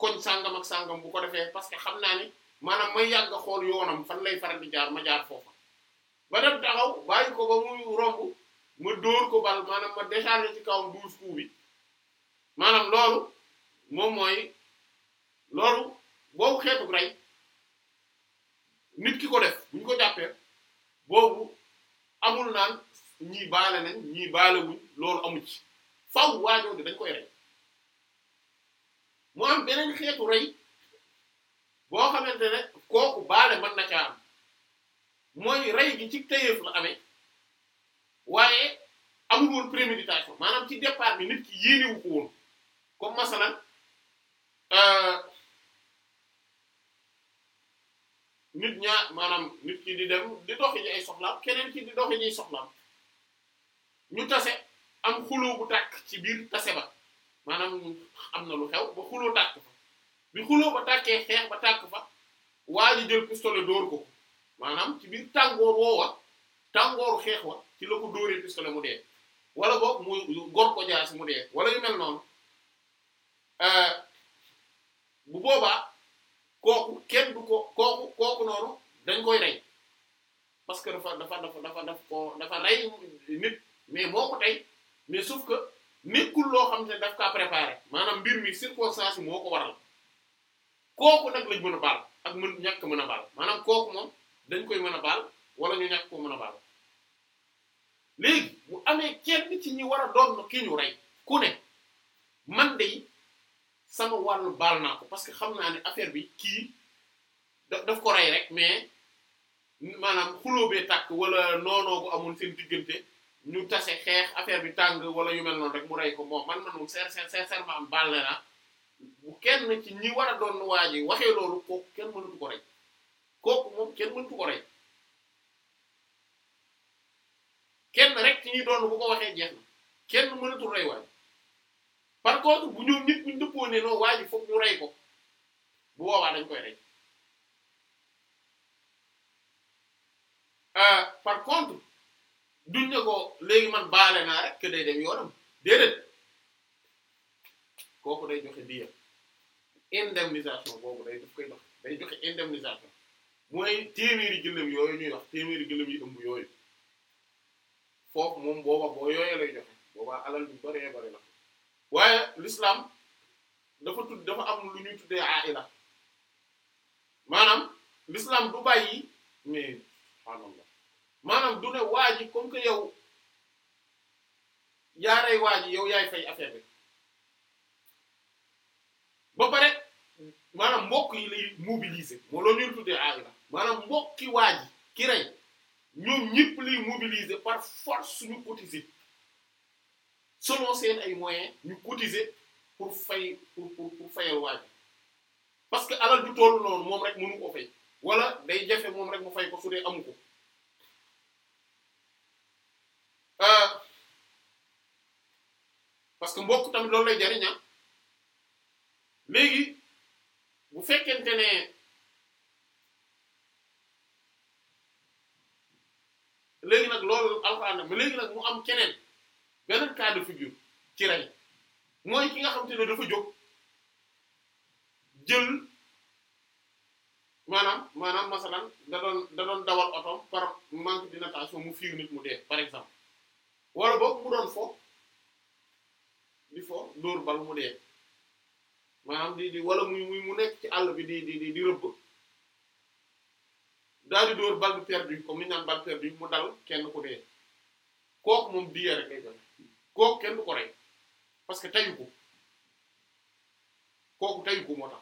A: koñ sàngam ak sàngam bu ko defee parce que xam naa ni maanaam may yàgg a xool yoonam fan lay faral di jaar ma jaar foofa ba dem taxaw bàyyi ko ba muy romb ma dóor ko bal maanaam ma décharger ci kawam douze coups bi maanaam loolu moom mooy loolu boobu xeetu rey nit ki ko def bu ñu ko jàppee boobu amul naan ñii baale nañ ñii baale wuñ loolu amu ci faw waajoo di dañ koy rey mu am beneen xeetu rey boo xamante ne kooku baale mën na caa am mooy rey gi ci tëyeef la amee waaye amul woon préméditation maanaam ci départ bi nit ki yéenewu ko woon comme masalan euh, nit ñaa maanaam nit ki di dem di doxi ay soxlaam keneen ki di doxi ñu tase am xuloo bu tàkk ci biir tase ba maanaam am na lu xew ba xuloo tàkk fa bi xuloo ba tàkkee xeex ba tàkk fa waa ji jël pistolet dóor ko maanaam ci biir tàngoor woowa tàngooru xeex wa ci la ko dóoree pistolet mu dee wala boog mu gor ko jaasi mu dee wala yu mel noonu euh, bu boobaa kooku kenn du ko kooku kooku noonu dañ koy rey parce que dafa dafa dafa dafa ko dafa rey nit mais moo ko tey mais sauf que nekkul loo xam ne daf kaa préparer maanaam mbir mi circonstance yi moo ko waral kooku nag lañ mën a baal ak mën ñàkk mën a baal maanaam kooku moom dañ koy mën a baal wala ñu ñàkk ko mën a baal léegi bu amee kenn ci ñi war a doon ki ñu rey ku ne man de sama wàll baal naa ko parce que xam naa ni affaire bi kii daf ko rey rek mais maanaam xulóobee tàkk wala noonoo bu amul seen diggante ñu tase xeex affaire bi tàng wala yu mel noonu rek mu rey ko bon man man mu ser sincèrement baal na la bu kenn ci ñi war a doon waa ji waxee loolu kenn mënatu ko rey kooku moom kenn mënatu ko rey kenn rek ci ñi doon bu ko waxee jeex na kenn mënatul rey waa ji par contre bu ñoom nit ñu dëppoo ne noonu waa ji foog ñu rey ko bu boobaa dañ koy rey euh, par contre. du ne ko léegi man baale naa rek que day dem yoonam déedéet kooku day joxe diya indemnisation boobu day daf koy jox day joxe indemnisation mooy téeméeri gëléem yooyu ñuy wax téeméeri gëléem yi ëmb yooyu foofu moom booba boo yooyee joxe boobaa alal bi baree bare la waaye l'islam dafa tudd dafa am lu ñuy tuddee aila maanaam l'islam du bàyyi mais maanaam du ne waa ji comme que yow yaarey waa ji yow yaay fay affaire bi ba pare maanaam mbokk yi lay mobiliser moo loolu ñuy tuddee aila maanaam mbokki waa ji ki rey ñoom ñëpp lay mobiliser par force ñu cotiser selon seen ay moyens ñu cotiser pour fay pour pour pour fayal waa parce que alal du toll noonu moom rek mënu ko fay wala day jafe moom rek mu fay ko su dee amu ko parce que mbokk tamit loolu lay jariña ah. léegi bu fekkente ne léegi nag loolu alxuraan ma léegi nag mu am keneen beneen cas de figure ci rey mooy ki nga xam te ne dafa jóg jël maanaam maanaam masalan da doon da doon dawal oto par manque de natation mu fiir nit mu dee par exemple wala boog mu doon foofu di fo dóor bal mu dee maanaam di di wala muy muy mu nekk ci àll bi di di di di rëbb daal di dóor bal perdu comme ni ñu naan bal perdu mu dal kenn ku dee kooku moom diya rek lay joxe kooku kenn du ko rey parce que tayu ko kooku tayu ko moo tax.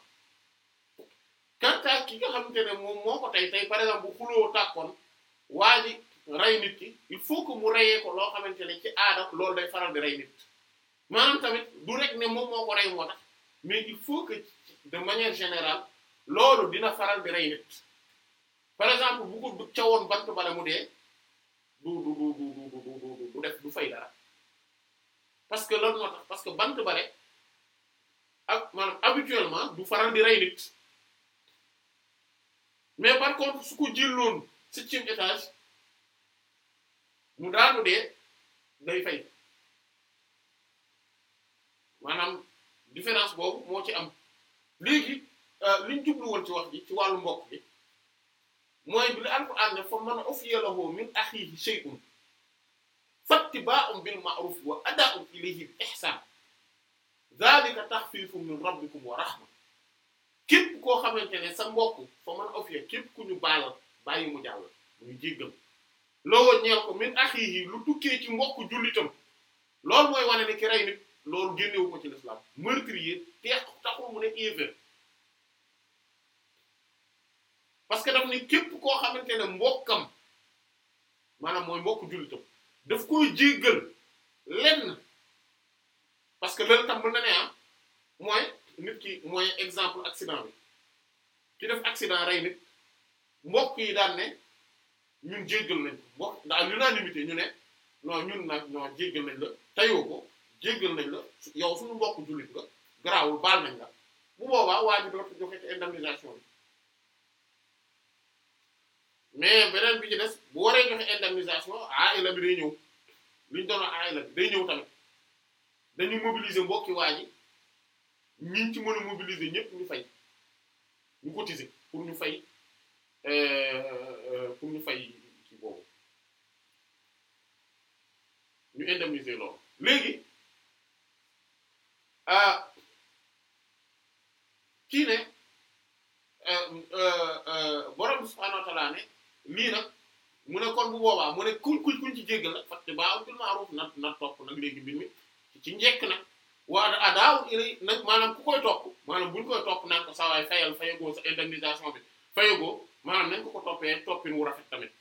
A: kantaak ki nga xam ne moom moo ko tey tey par exemple bu xuloo tàkkoon waa ji rey nit ki il faut ko mu reyee ko loo xamante ne ci aada loolu day faral di rey nit. maanaam tamit du rek ne moom moo ko rey moo tax mais il faut que de manière générale loolu dina faral di rey nit par exemple bu ko cawoon bant bala mu dee du du du du du def du fay dara parce que loolu moo tax parce que bant bare ak maanaam habituellement du faral di rey nit mais par contre su ko jëloon septième étage mu daanu dee day fay. maanaam différence boobu moo ci am léegi euh, li ñu jublu woon ci wax ji ci wàllu mbokk bi mooy bi la alquran ne fa man ufiya lahu min axiihi shay'un fattibaa'un bil ma'ruf wa adaa'un ilayhi bi ihsaan zaalika taxfiifun min rabbikum wa rahma képp koo xamante ne sa mbokk fa man ufiya képp ku ñu baalal bàyyi mu jàll ñu jéggal loo ñeel ko min axiihi lu tukkee ci mbokk jullitam loolu mooy wane ne ki rey nit loolu génnewu ko ci l'islam meurtrier teex taxul mu ne évêque parce que daf ne képp koo xamante ne mbokkam maanaam mooy mbokk jullitam daf koy jéggal lenn parce que loolu tam mën na ne ah mooy nit ki mooy exemple accident bi ki def accident rey nit mbokk yi daal ne ñun jéggal nañ ko mbokk daal l'unanimité ñu ne non ñun nag ñoo jéggal nañ la tayoo ko jéggal nañ la yow suñu mbokk jullit nga garaawul baal nañ la bu boobaa waa ji dootu joxe ci indemnisation bi mais beneen bi ci des bu waree joxe indemnisation aila bi day ñëw li ñu doon aila bi day ñëw tamit dañu mobiliser mbokki waa ñu ñi ci mën a mobiliser ñëpp ñu fay ñu cotiser pour ñu fay euh, pour ñu fay ci boobu ñu indemniser loolu léegi kii ne borom subhaanahu wa ta'aala ne lii nag mu ne kon bu boobaa mu ne kuñ kuñ kuñ ci jéggal nag fàtte baaw bil ma'ruf na na topp nag léegi mbir mi ci njekk nag waa adaaw ilay nag ku koy topp maanaam buñ koy topp naan ko sawaay fayal fayagoo sa indemnisation bi fayagoo maanaam nañ ko ko toppee toppin wu rafet tamit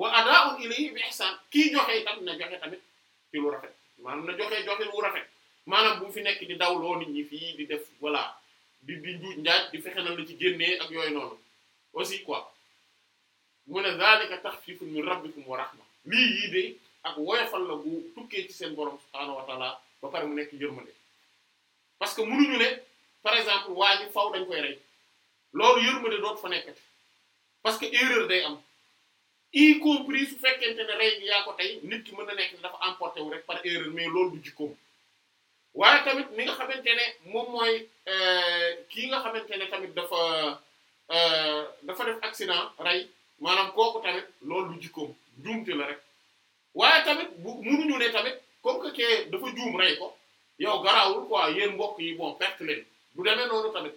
A: wa adaaw ilay bi ihsaan ki joxe tamit na joxe tamit ci lu rafet maanaam na joxe joxe wu rafet maanaam bu fi nekk di dawloo nit ñi fii di def voilà di di njuuj njaaj di fexe na la ci génnee ak yooyu noonu aussi quoi mu ne zalika taxfifun min rabbikum wa rahma lii yii de ak woyofal la bu tukkee ci seen borom subhaanahu wa taala ba mu nekk yërmande parce que mënuñu ne par exemple waa ji faw dañ koy rey loolu yërmande doot fa nekkati parce que erreur day am y compris su fekkente ne rey yaa ko tey nit ki mën na nekk dafa emporté wu rek par erreur mais loolu du jikkoom waaye tamit mi nga xamante ne moom mooy euh, kii nga xamante ne tamit dafa euh, dafa def accident rey maanaam kooku tamit loolu lu jikkoom juumte la rek waaye tamit bu munuñu ne tamit comme que kee dafa juum rey ko yow garaawul quoi yéen mbokk yi bon perte bu demee noonu tamit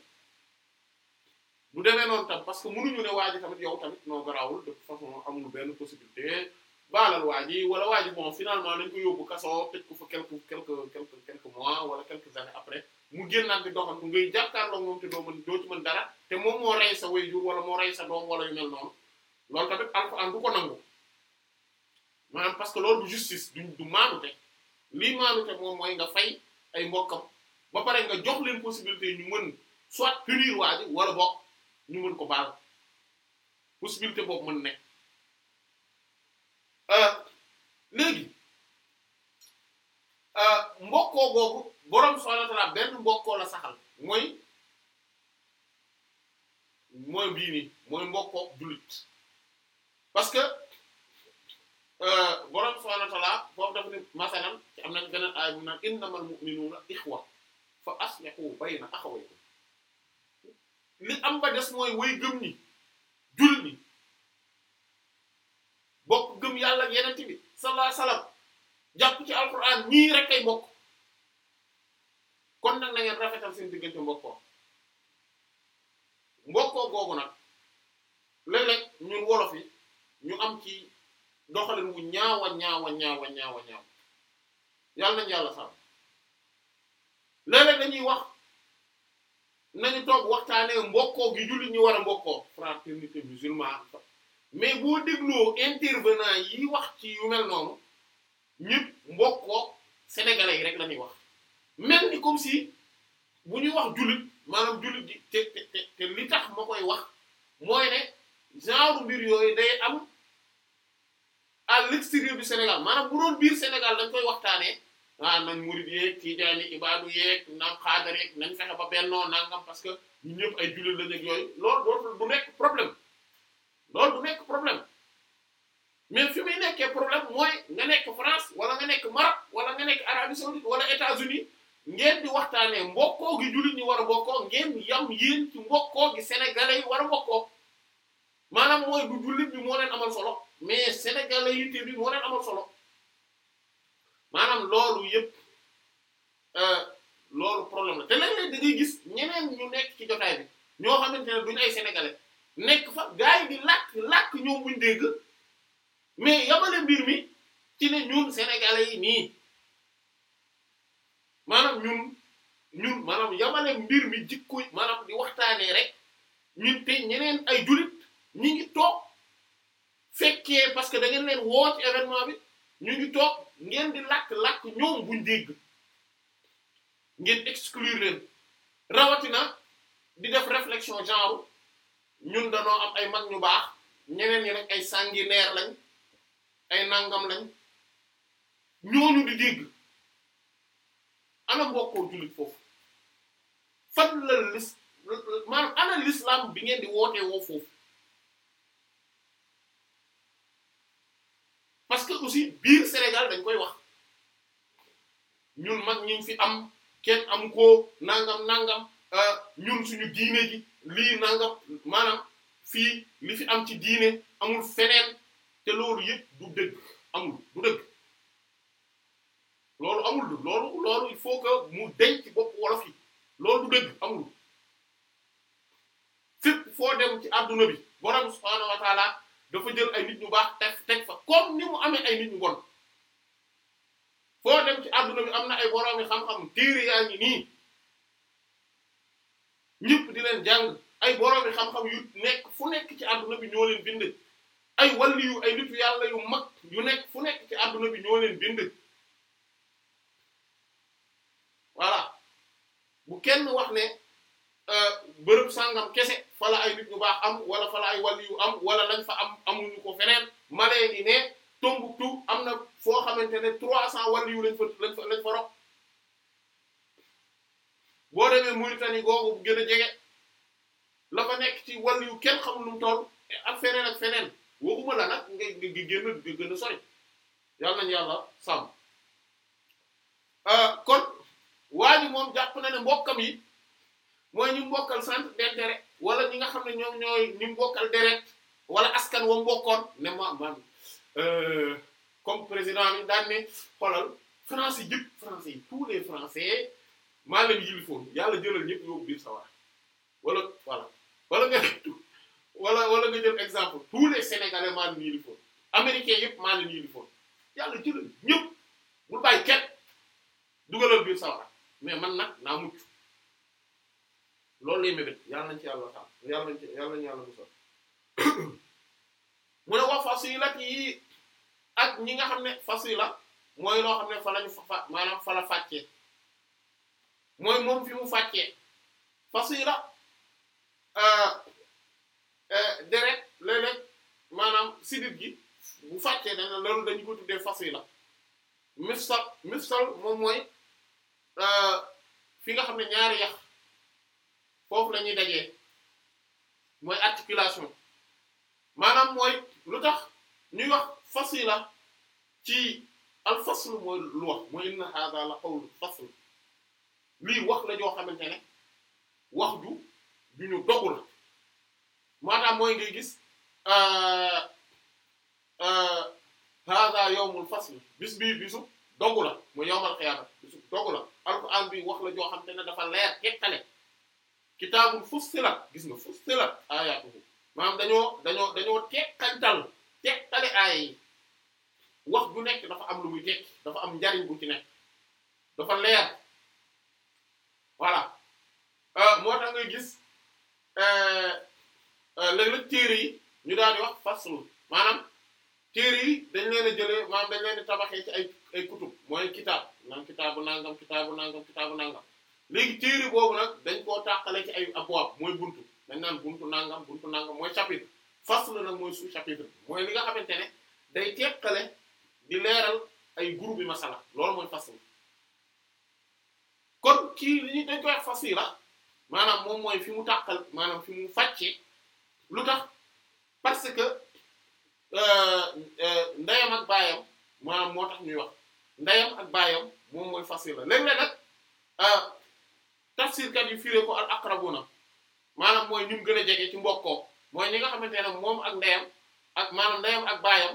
A: du demee noonu tam parce que munuñu ne waa ji tamit yow tamit non garaawul de toute façon amul benn possibilité baalal waa ji wala waa ji bon finalement dañ ko yóbbu kasoo tëj ko fa quelque quelque quelque quelques mois wala quelques années après mu génnaat di doxantu ngay jàkkaarloo moom te doo mën doo ci mën dara te moom moo rey sa waajur wala moo rey sa doom wala yu mel noonu loolu tamit Alxuraan du ko nangu maanaam parce que loolu bu justice du du maanute lii maanute moom mooy nga fay ay mbokkam ba pare nga jox leen possibilité ñu mën soit punir waa ji wala bokk ñu mën ko baal possibilité boobu mën nekk. Euh, léegi euh, mbokkoo googu borom subhanahu benn mbokkoo la saxal mooy mooy bii nii mooy mbokkoo jullit parce que euh, borom subhanahu wa ta'ala foofu dafa ne masalan ci am na beneen aay bu naan innamal mu'minuuna ixwa fa aslihu bayna am ba des mooy way gëm ñi jullit ñi bokk gëm yàlla yeneen bi sallallahu alayhi wasallam jàpp ci alquran ñii rek ay bokk kon nag na ngeen rafetal seen diggante mbokkoo mbokkoo googu nag léeg-léeg ñun wolof yi ñu am ci doxalin wu ñaawa ñaawa ñaawa ñaawa ñaaw yàlla nañu yàlla sàmm léeg-léeg dañuy wax nañu toog waxtaanee mbokkoo gi jullit ñu war a mbokkoo fraternité musulman mais boo dégloo intervenant yi wax ci yu mel noonu ñëpp mbokkoo sénégalais rek la ñuy wax mel ni comme si bu ñuy wax jullit maanaam jullit di te te li tax ma koy wax mooy ne genre mbir yooyu day am à l'extérieur du Sénégal maanaam bu doon biir Sénégal dañ koy waxtaanee ah nañ murid yeeg tijaani ibaadu yé nañ xaadar yeeg nañ fexe ba bennoo nangam parce que ñu ay jullit la ak yooyu loolu dootul du nekk problème loolu du nekk problème mais fi muy nekkee problème mooy nga nekk France wala nga nekk Maroc wala nga nekk Arabie saoudite wala États-Unis ngeen di waxtaanee mbokkoo gi jullit ñi war a bokkoo ngeen yam yéen mbokkoo gi sénégalais wara war a maanaam mooy du jullit moo leen amal solo mais sénégalais yi te bi moo leen amal solo maanaam loolu yépp euh, loolu problème la te léeg-léeg ngay gis. yeneen ay jullit ñi ngi toog fekkee parce que da ngeen leen woo ci événement bi ñu ngi toog ngeen di làkk-làkk ñoom buñ dégg ngeen exclure leen rawatina di def réflexion genre ñun danoo am ay mag ñu baax ñeneen ñi nag ay sanguinaire lañ ay nangam lañ ñooñu di dégg ana mbokkoo jullit foofu fan la maanaam ana l'islam bi ngeen di wootee woo foofu parce que aussi biir Sénégal dañ koy wax ñun mag ñu fi am kenn am ko nangam nangam euh, ñun suñu diine ji lii nangam maanaam fii li fi am ci diine amul feneen te loolu yi du dëgg amul du dëgg loolu amul loolu loolu il faut que mu denc bopp wolof yi loolu du dëgg amul fépp foo dem ci adduna bi borom subhaanahu wa dafa jël ay nit ñu baax teg fa comme ni mu amee ay nit ñu bon foo dem ci adduna bi am na ay borom yi xam-xam téere yaa ngi nii ñëpp di leen jàng ay borom yi xam-xam yu nekk fu nekk ci adduna bi ñoo leen bind. ay wàlli ay nitu yu mag yu nekk fu nekk ci adduna bi ñoo bind voilà bu kenn wax ne. Euh, bërëb sangam kese fala ay nit ñu baax am wala fala ay wàll yu am wala lañ fa am amuñu ko feneen maleen yi ne Tombouctou am na foo xamante ne trois cents wàll yu lañ fa lañ fa lañ fa rop boo demee Mauritanie googu bu gën a jege la nekk ci wàll yu kenn xamul lum mu toll ak feneen ak feneen waxuma la nag nga nga gën a nga gën sori yàlla nañu yàlla sàmm euh, kon waa moom jàpp na ne mbokkam yi mooy ñu bokkal centre d'intérêt wala ñi nga xam ne ñoom ñooy ñu bokkal deret wala askan wa mbokkoon ne ma man euh, comme président bi daan ne xoolal français yëpp français tous les français maa leen yilifoon yàlla jëlal ñëpp yóbbu biir sa wala voilà wala wala wala nga jël exemple tous les sénégalais maa américains yëpp maa leen yilifoon yàlla jëlal ñëpp bul bàyyi kenn dugalal biir sa mais man nag naa mucc loolu lay mébét yàlla nañ ci yàlla taam yàlla nañ ci yàlla nañ yàlla musal mu ne wax fasilat yi ak ñi nga xam ne la mooy loo xam ne fa lañu fa maanaam fa la fàccee mooy moom fi mu fàccee fasila euh, euh, deret léeg-léeg maanaam sidit gi bu fàccee dana loolu dañu ko tuddee fasila mifsal mifsal moom mooy euh, fi nga xam ne ñaari yax foofu la ñuy dajee mooy articulation maanaam mooy lu tax ñuy wax fasila ci al fasl mooy lu wax mooy inna hadha la qawlu fasl lii wax la joo xamante ne wax ju ju ñu dogu la maanaam mooy ngay gis hadha euh, euh, yawmul fasl bis bii bisu dogu la mu yawmal qiyaama bisu dogu la alquran bi wax la joo xamante ne dafa leer kekkale kitaabul fussilat gis nga fussilat ayatuhu maam dañoo dañoo dañoo tekkantal tekkale aaya yi wax bu nekk dafa am lu muy tekk dafa am njariñ bu ci nekk dafa leer voilà euh, moo tax ngay gis euh, euh, léeg-léeg téere yi ñu daan di wax faslu maanaam téere yi dañ leen a jëlee maanaam dañ leen tabaxee ci ay ay kutub mooy kitaab naan kitaabu nangam kitaabu nangam kitaabu nangam léegi téere boobu nag dañ koo tàqale ci ay abwaab mooy buntu dañ naan buntu nangam buntu nangam mooy chapitre fasl nag mooy sous chapitre mooy li nga xamante ne day teqale di leeral ay groupe yi masala loolu mooy fasl kon kii li ñu dañ koy wax fasl la maanaam moom mooy fi mu tàqal maanaam fi mu facce lu tax parce que euh, euh, ndeyam ak baayam maanaam moo tax ñuy wax ndeyam ak baayam moom mooy fasl la léeg-léeg nag euh, tafsirkat yi firé ko al aqrabuna maanaam mooy ñum gën a jege ci mbokkoo mooy ñi nga xamante ne moom ak ndeyam ak maanaam ndeyam ak baayam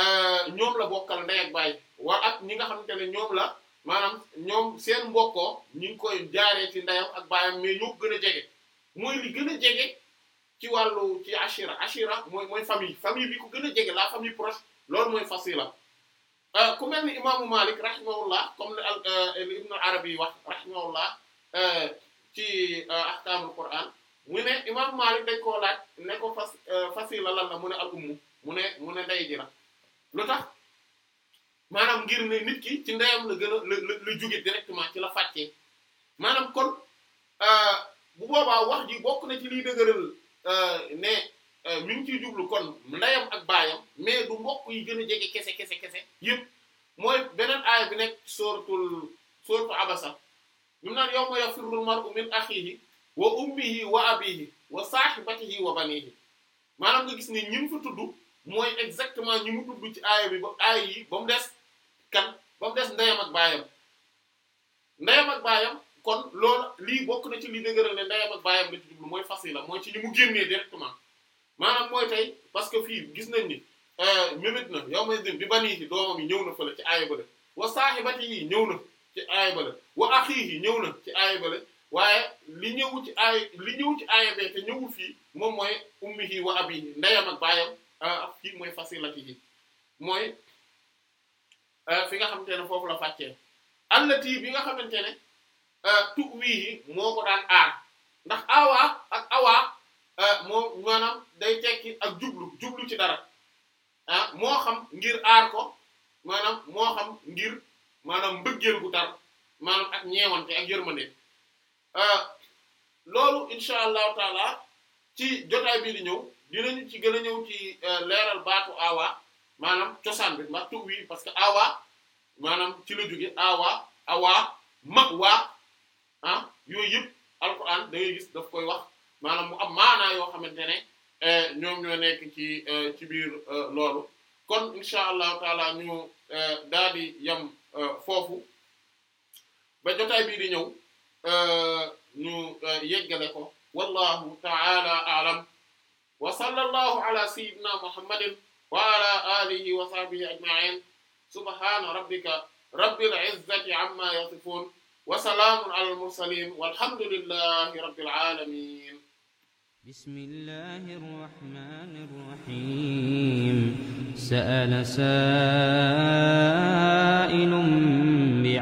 A: euh, ñoom la bokkal ndey ak baay wa ak ñi nga xamante ne ñoom la maanaam ñoom seen mbokkoo ñi koy jaaree ci ndeyam ak baayam mais ñoo gën a jege mooy li gën a jege ci wàllu ci ashira ashira mooy mooy famille famille bi ku gën a jege la famille proche loolu mooy fasila euh, ku mel ni imaamu Malik rahimahullah comme li al euh, ibnu arabi Euh, ci euh, ahkaamul Qur'an mu ne imam Malik dañ koo laaj ne ko fas euh, fasila lan la mu ne al ummu mu ne mu ne ndey ji lu tax maanaam ngir ne nit ki ci ndeyam la gën a la la jóge directement ci la fàccee maanaam kon bu boobaa wax ji bokk na ci liy dëgëral ne mi ngi ciy jublu kon ndeyam ak baayam mais du mbokk yi gën a jege kese kese kese yëpp mooy beneen aaya bi nekk sóoratul sóoratu abasa ñu naan yawma yafirrul mar'u min akhihi wa ummihi wa abihi wa sahibatihi wa banihi maanaam nga gis ni ñi mu fa tudd mooy exactement ñi mu tudd ci aaya bi ba aaya yi ba mu des kan ba mu des ndeyam ak baayam ndeyam ak baayam kon loolu lii bokk na ci li dëgëral ne ndeyam ak baayam la ci jublu mooy fas la mooy ci ñi mu génnee directement maanaam mooy tey parce que fii gis nañ ni euh, mébét na yow may dem bi banihi doomam yi ñëw na fële ci aaya ba de ci aaya bale wa axiihi ñëw na ci aaya bale waaye li ñëw ci aaya li ñëw ci aaya be te ñëwul fii moom mooy ummihi wa abihi ndeyam ak baayam ak ah, fii mooy fasilatihi mooy ah, fi nga xamante ne foofu la fàccee allati bi nga xamante ne ah, tu wiihi moo ko daan aar ndax awaa ak awaa moo maanaam day tekki ak jublu jublu ci dara ah xam ngir aar ko maanaam moo xam ngir maanaam mbëggeel gu tar maanaam ak ñeewante ak yërmande euh, loolu incha allahu taala ci jotaay bii di ñëw dinañu ci gën a ñëw ci euh, leeral baatu awa maanaam cosaan bi ndax tur wi parce que awa maanaam ci la jóge awa awa mag waa ah yooyu yëpp alquran da ngay gis daf koy wax maanaam mu am maanaa yoo xamante ne euh, ñoom ñoo nekk ci ci biir loolu kon incha allahu taala ñu daal di yam Euh, foofu ba jotaay bii di ñëw euh, ñu euh, yeggale ko wallahu ta'ala a'lam wa sallallahu ala sayyidina muhammadin wa ala alihi wa sahbihi ajma'in subhana rabbika rabbil izzati amma yasifun wa salamun ala al mursalin walhamdulillahi rabbil alamin
B: بسم الله الرحمن الرحيم سأل سائل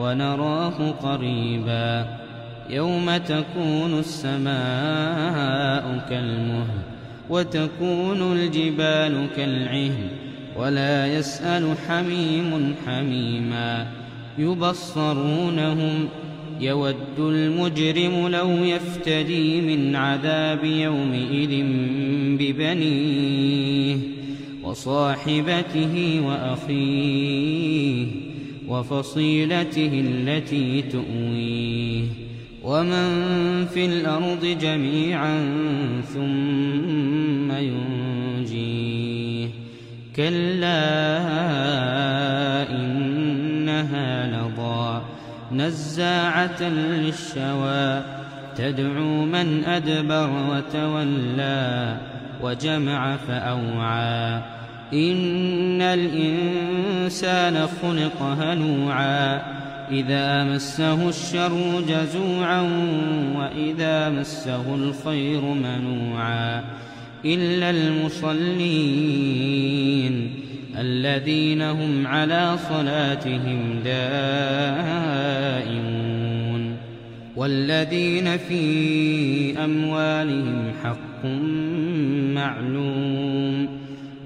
B: ونراه قريبا يوم تكون السماء كالمهل وتكون الجبال كالعهن ولا يسأل حميم حميما يبصرونهم يود المجرم لو يفتدي من عذاب يومئذ ببنيه وصاحبته وأخيه وفصيلته التي تؤويه ومن في الأرض جميعا ثم ينجيه كلا إنها لضا نزاعة للشوى تدعو من أدبر وتولى وجمع فأوعى إن الإنسان خلق هلوعا إذا مسه الشر جزوعا وإذا مسه الخير منوعا إلا المصلين الذين هم على صلاتهم دائمون والذين في أموالهم حق معلوم